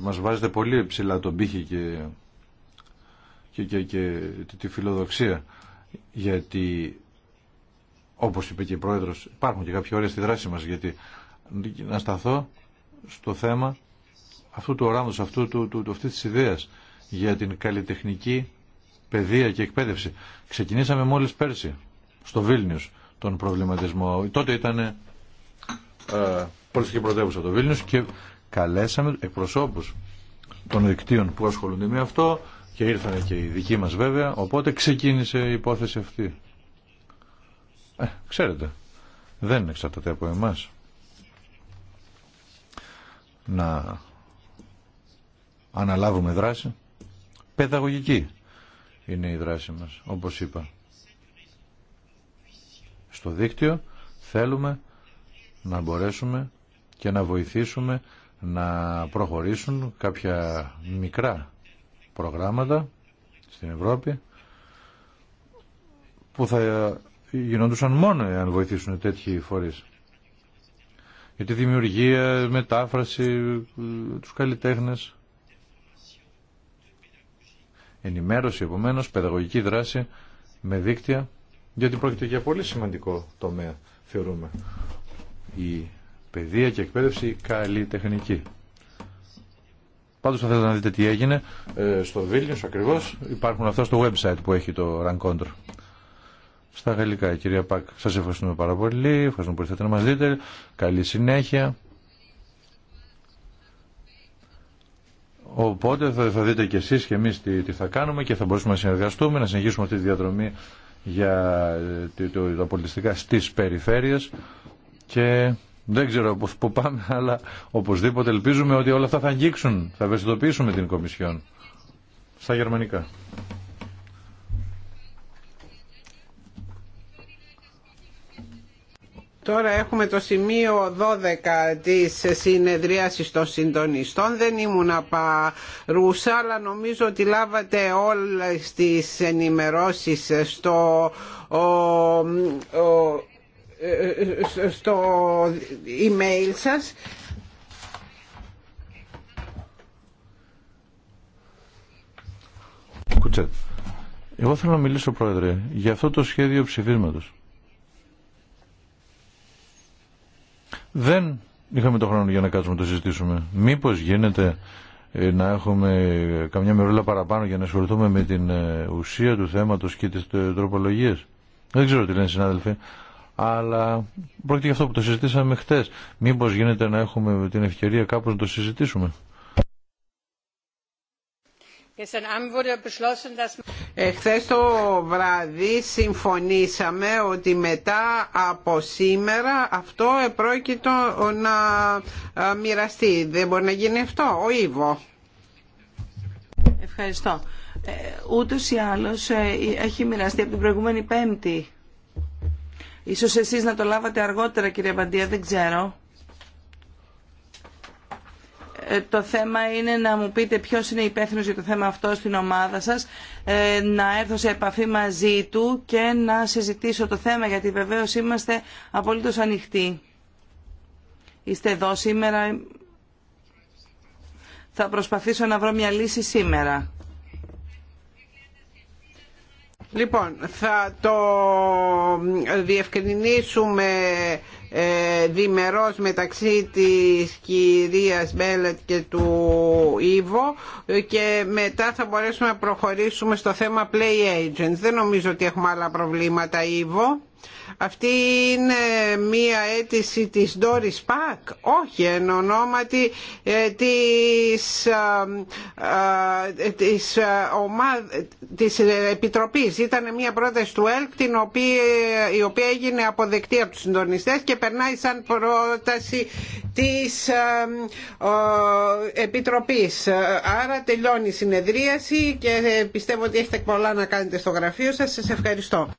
μας βάζετε πολύ ψηλά τον πύχη και, και, και, τη φιλοδοξία, γιατί όπως είπε και η Πρόεδρος υπάρχουν και κάποιοι όρια στη δράση μας, γιατί να σταθώ στο θέμα αυτού του οράματος, αυτού του, του, αυτής της ιδέας για την καλλιτεχνική παιδεία και εκπαίδευση. Ξεκινήσαμε μόλις πέρσι στο Βίλνιους τον προβληματισμό. Τότε ήταν ε, πολιτική πρωτεύουσα το Βίλνιους και καλέσαμε εκπροσώπους των δικτύων που ασχολούνται με αυτό και ήρθαν και οι δικοί μας βέβαια, οπότε ξεκίνησε η υπόθεση αυτή. Ε, ξέρετε, δεν εξαρτάται από εμάς να αναλάβουμε δράση. Παιδαγωγική είναι η δράση μας, όπως είπα. Στο δίκτυο θέλουμε να μπορέσουμε και να βοηθήσουμε να προχωρήσουν κάποια μικρά προγράμματα στην Ευρώπη που θα γινόντουσαν μόνο εάν βοηθήσουν τέτοιοι φορείς για τη δημιουργία, μετάφραση, τους καλλιτέχνες. Ενημέρωση, επομένως, παιδαγωγική δράση με δίκτυα, γιατί πρόκειται για πολύ σημαντικό τομέα, θεωρούμε. Η παιδεία και εκπαίδευση καλλιτεχνική. Πάντως θα θέλετε να δείτε τι έγινε ε, στο Βίλνιος ακριβώς. Υπάρχουν αυτά στο website που έχει το Rancontre στα γαλλικά. Κυρία Πακ, σας ευχαριστούμε πάρα πολύ, ευχαριστούμε που ήρθατε να μα δείτε, καλή συνέχεια. Οπότε θα, δείτε κι εσείς και εμείς τι, τι θα κάνουμε και θα μπορέσουμε να συνεργαστούμε, να συνεχίσουμε αυτή τη διαδρομή για ε, τα πολιτιστικά στις περιφέρειες και δεν ξέρω που πάμε αλλά οπωσδήποτε ελπίζουμε ότι όλα αυτά θα αγγίξουν, θα ευαισθητοποιήσουμε την Κομισιόν στα γερμανικά. Τώρα έχουμε το σημείο 12 της συνεδρίασης των συντονιστών. Δεν ήμουν παρούσα, αλλά νομίζω ότι λάβατε όλες τις ενημερώσεις στο στο email σας εγώ θέλω να μιλήσω πρόεδρε για αυτό το σχέδιο ψηφίσματος Δεν είχαμε το χρόνο για να κάτσουμε να το συζητήσουμε. Μήπως γίνεται ε, να έχουμε καμιά μερούλα παραπάνω για να ασχοληθούμε με την ε, ουσία του θέματος και τις ε, τροπολογίες. Δεν ξέρω τι λένε συνάδελφοι, αλλά πρόκειται για αυτό που το συζητήσαμε χτες. Μήπως γίνεται να έχουμε την ευκαιρία κάπως να το συζητήσουμε. Εχθές το βράδυ συμφωνήσαμε ότι μετά από σήμερα αυτό επρόκειτο να ε, μοιραστεί. Δεν μπορεί να γίνει αυτό, ο Ήβο. Ευχαριστώ. Ε, ούτως ή άλλως ε, έχει μοιραστεί από την προηγούμενη Πέμπτη. Ίσως εσείς να το λάβατε αργότερα κύριε Μπαντία, δεν ξέρω. Ε, το θέμα είναι να μου πείτε ποιο είναι υπεύθυνο για το θέμα αυτό στην ομάδα σας, ε, να έρθω σε επαφή μαζί του και να συζητήσω το θέμα, γιατί βεβαίω είμαστε απολύτω ανοιχτοί. Είστε εδώ σήμερα. Θα προσπαθήσω να βρω μια λύση σήμερα. Λοιπόν, θα το διευκρινίσουμε ε, διμερός μεταξύ της κυρίας Μπέλετ και του Ήβο και μετά θα μπορέσουμε να προχωρήσουμε στο θέμα play agents. Δεν νομίζω ότι έχουμε άλλα προβλήματα Ήβο. Αυτή είναι μία αίτηση της Doris Πακ, όχι εν ονόματι ε, της, ε, ε, της, ε, της Επιτροπής. Ήταν μία πρόταση του ΕΛΚ την οποία, η οποία έγινε αποδεκτή από τους συντονιστές και περνάει σαν πρόταση της ε, Επιτροπής. Άρα τελειώνει η συνεδρίαση και πιστεύω ότι έχετε πολλά να κάνετε στο γραφείο σας. Σας ευχαριστώ.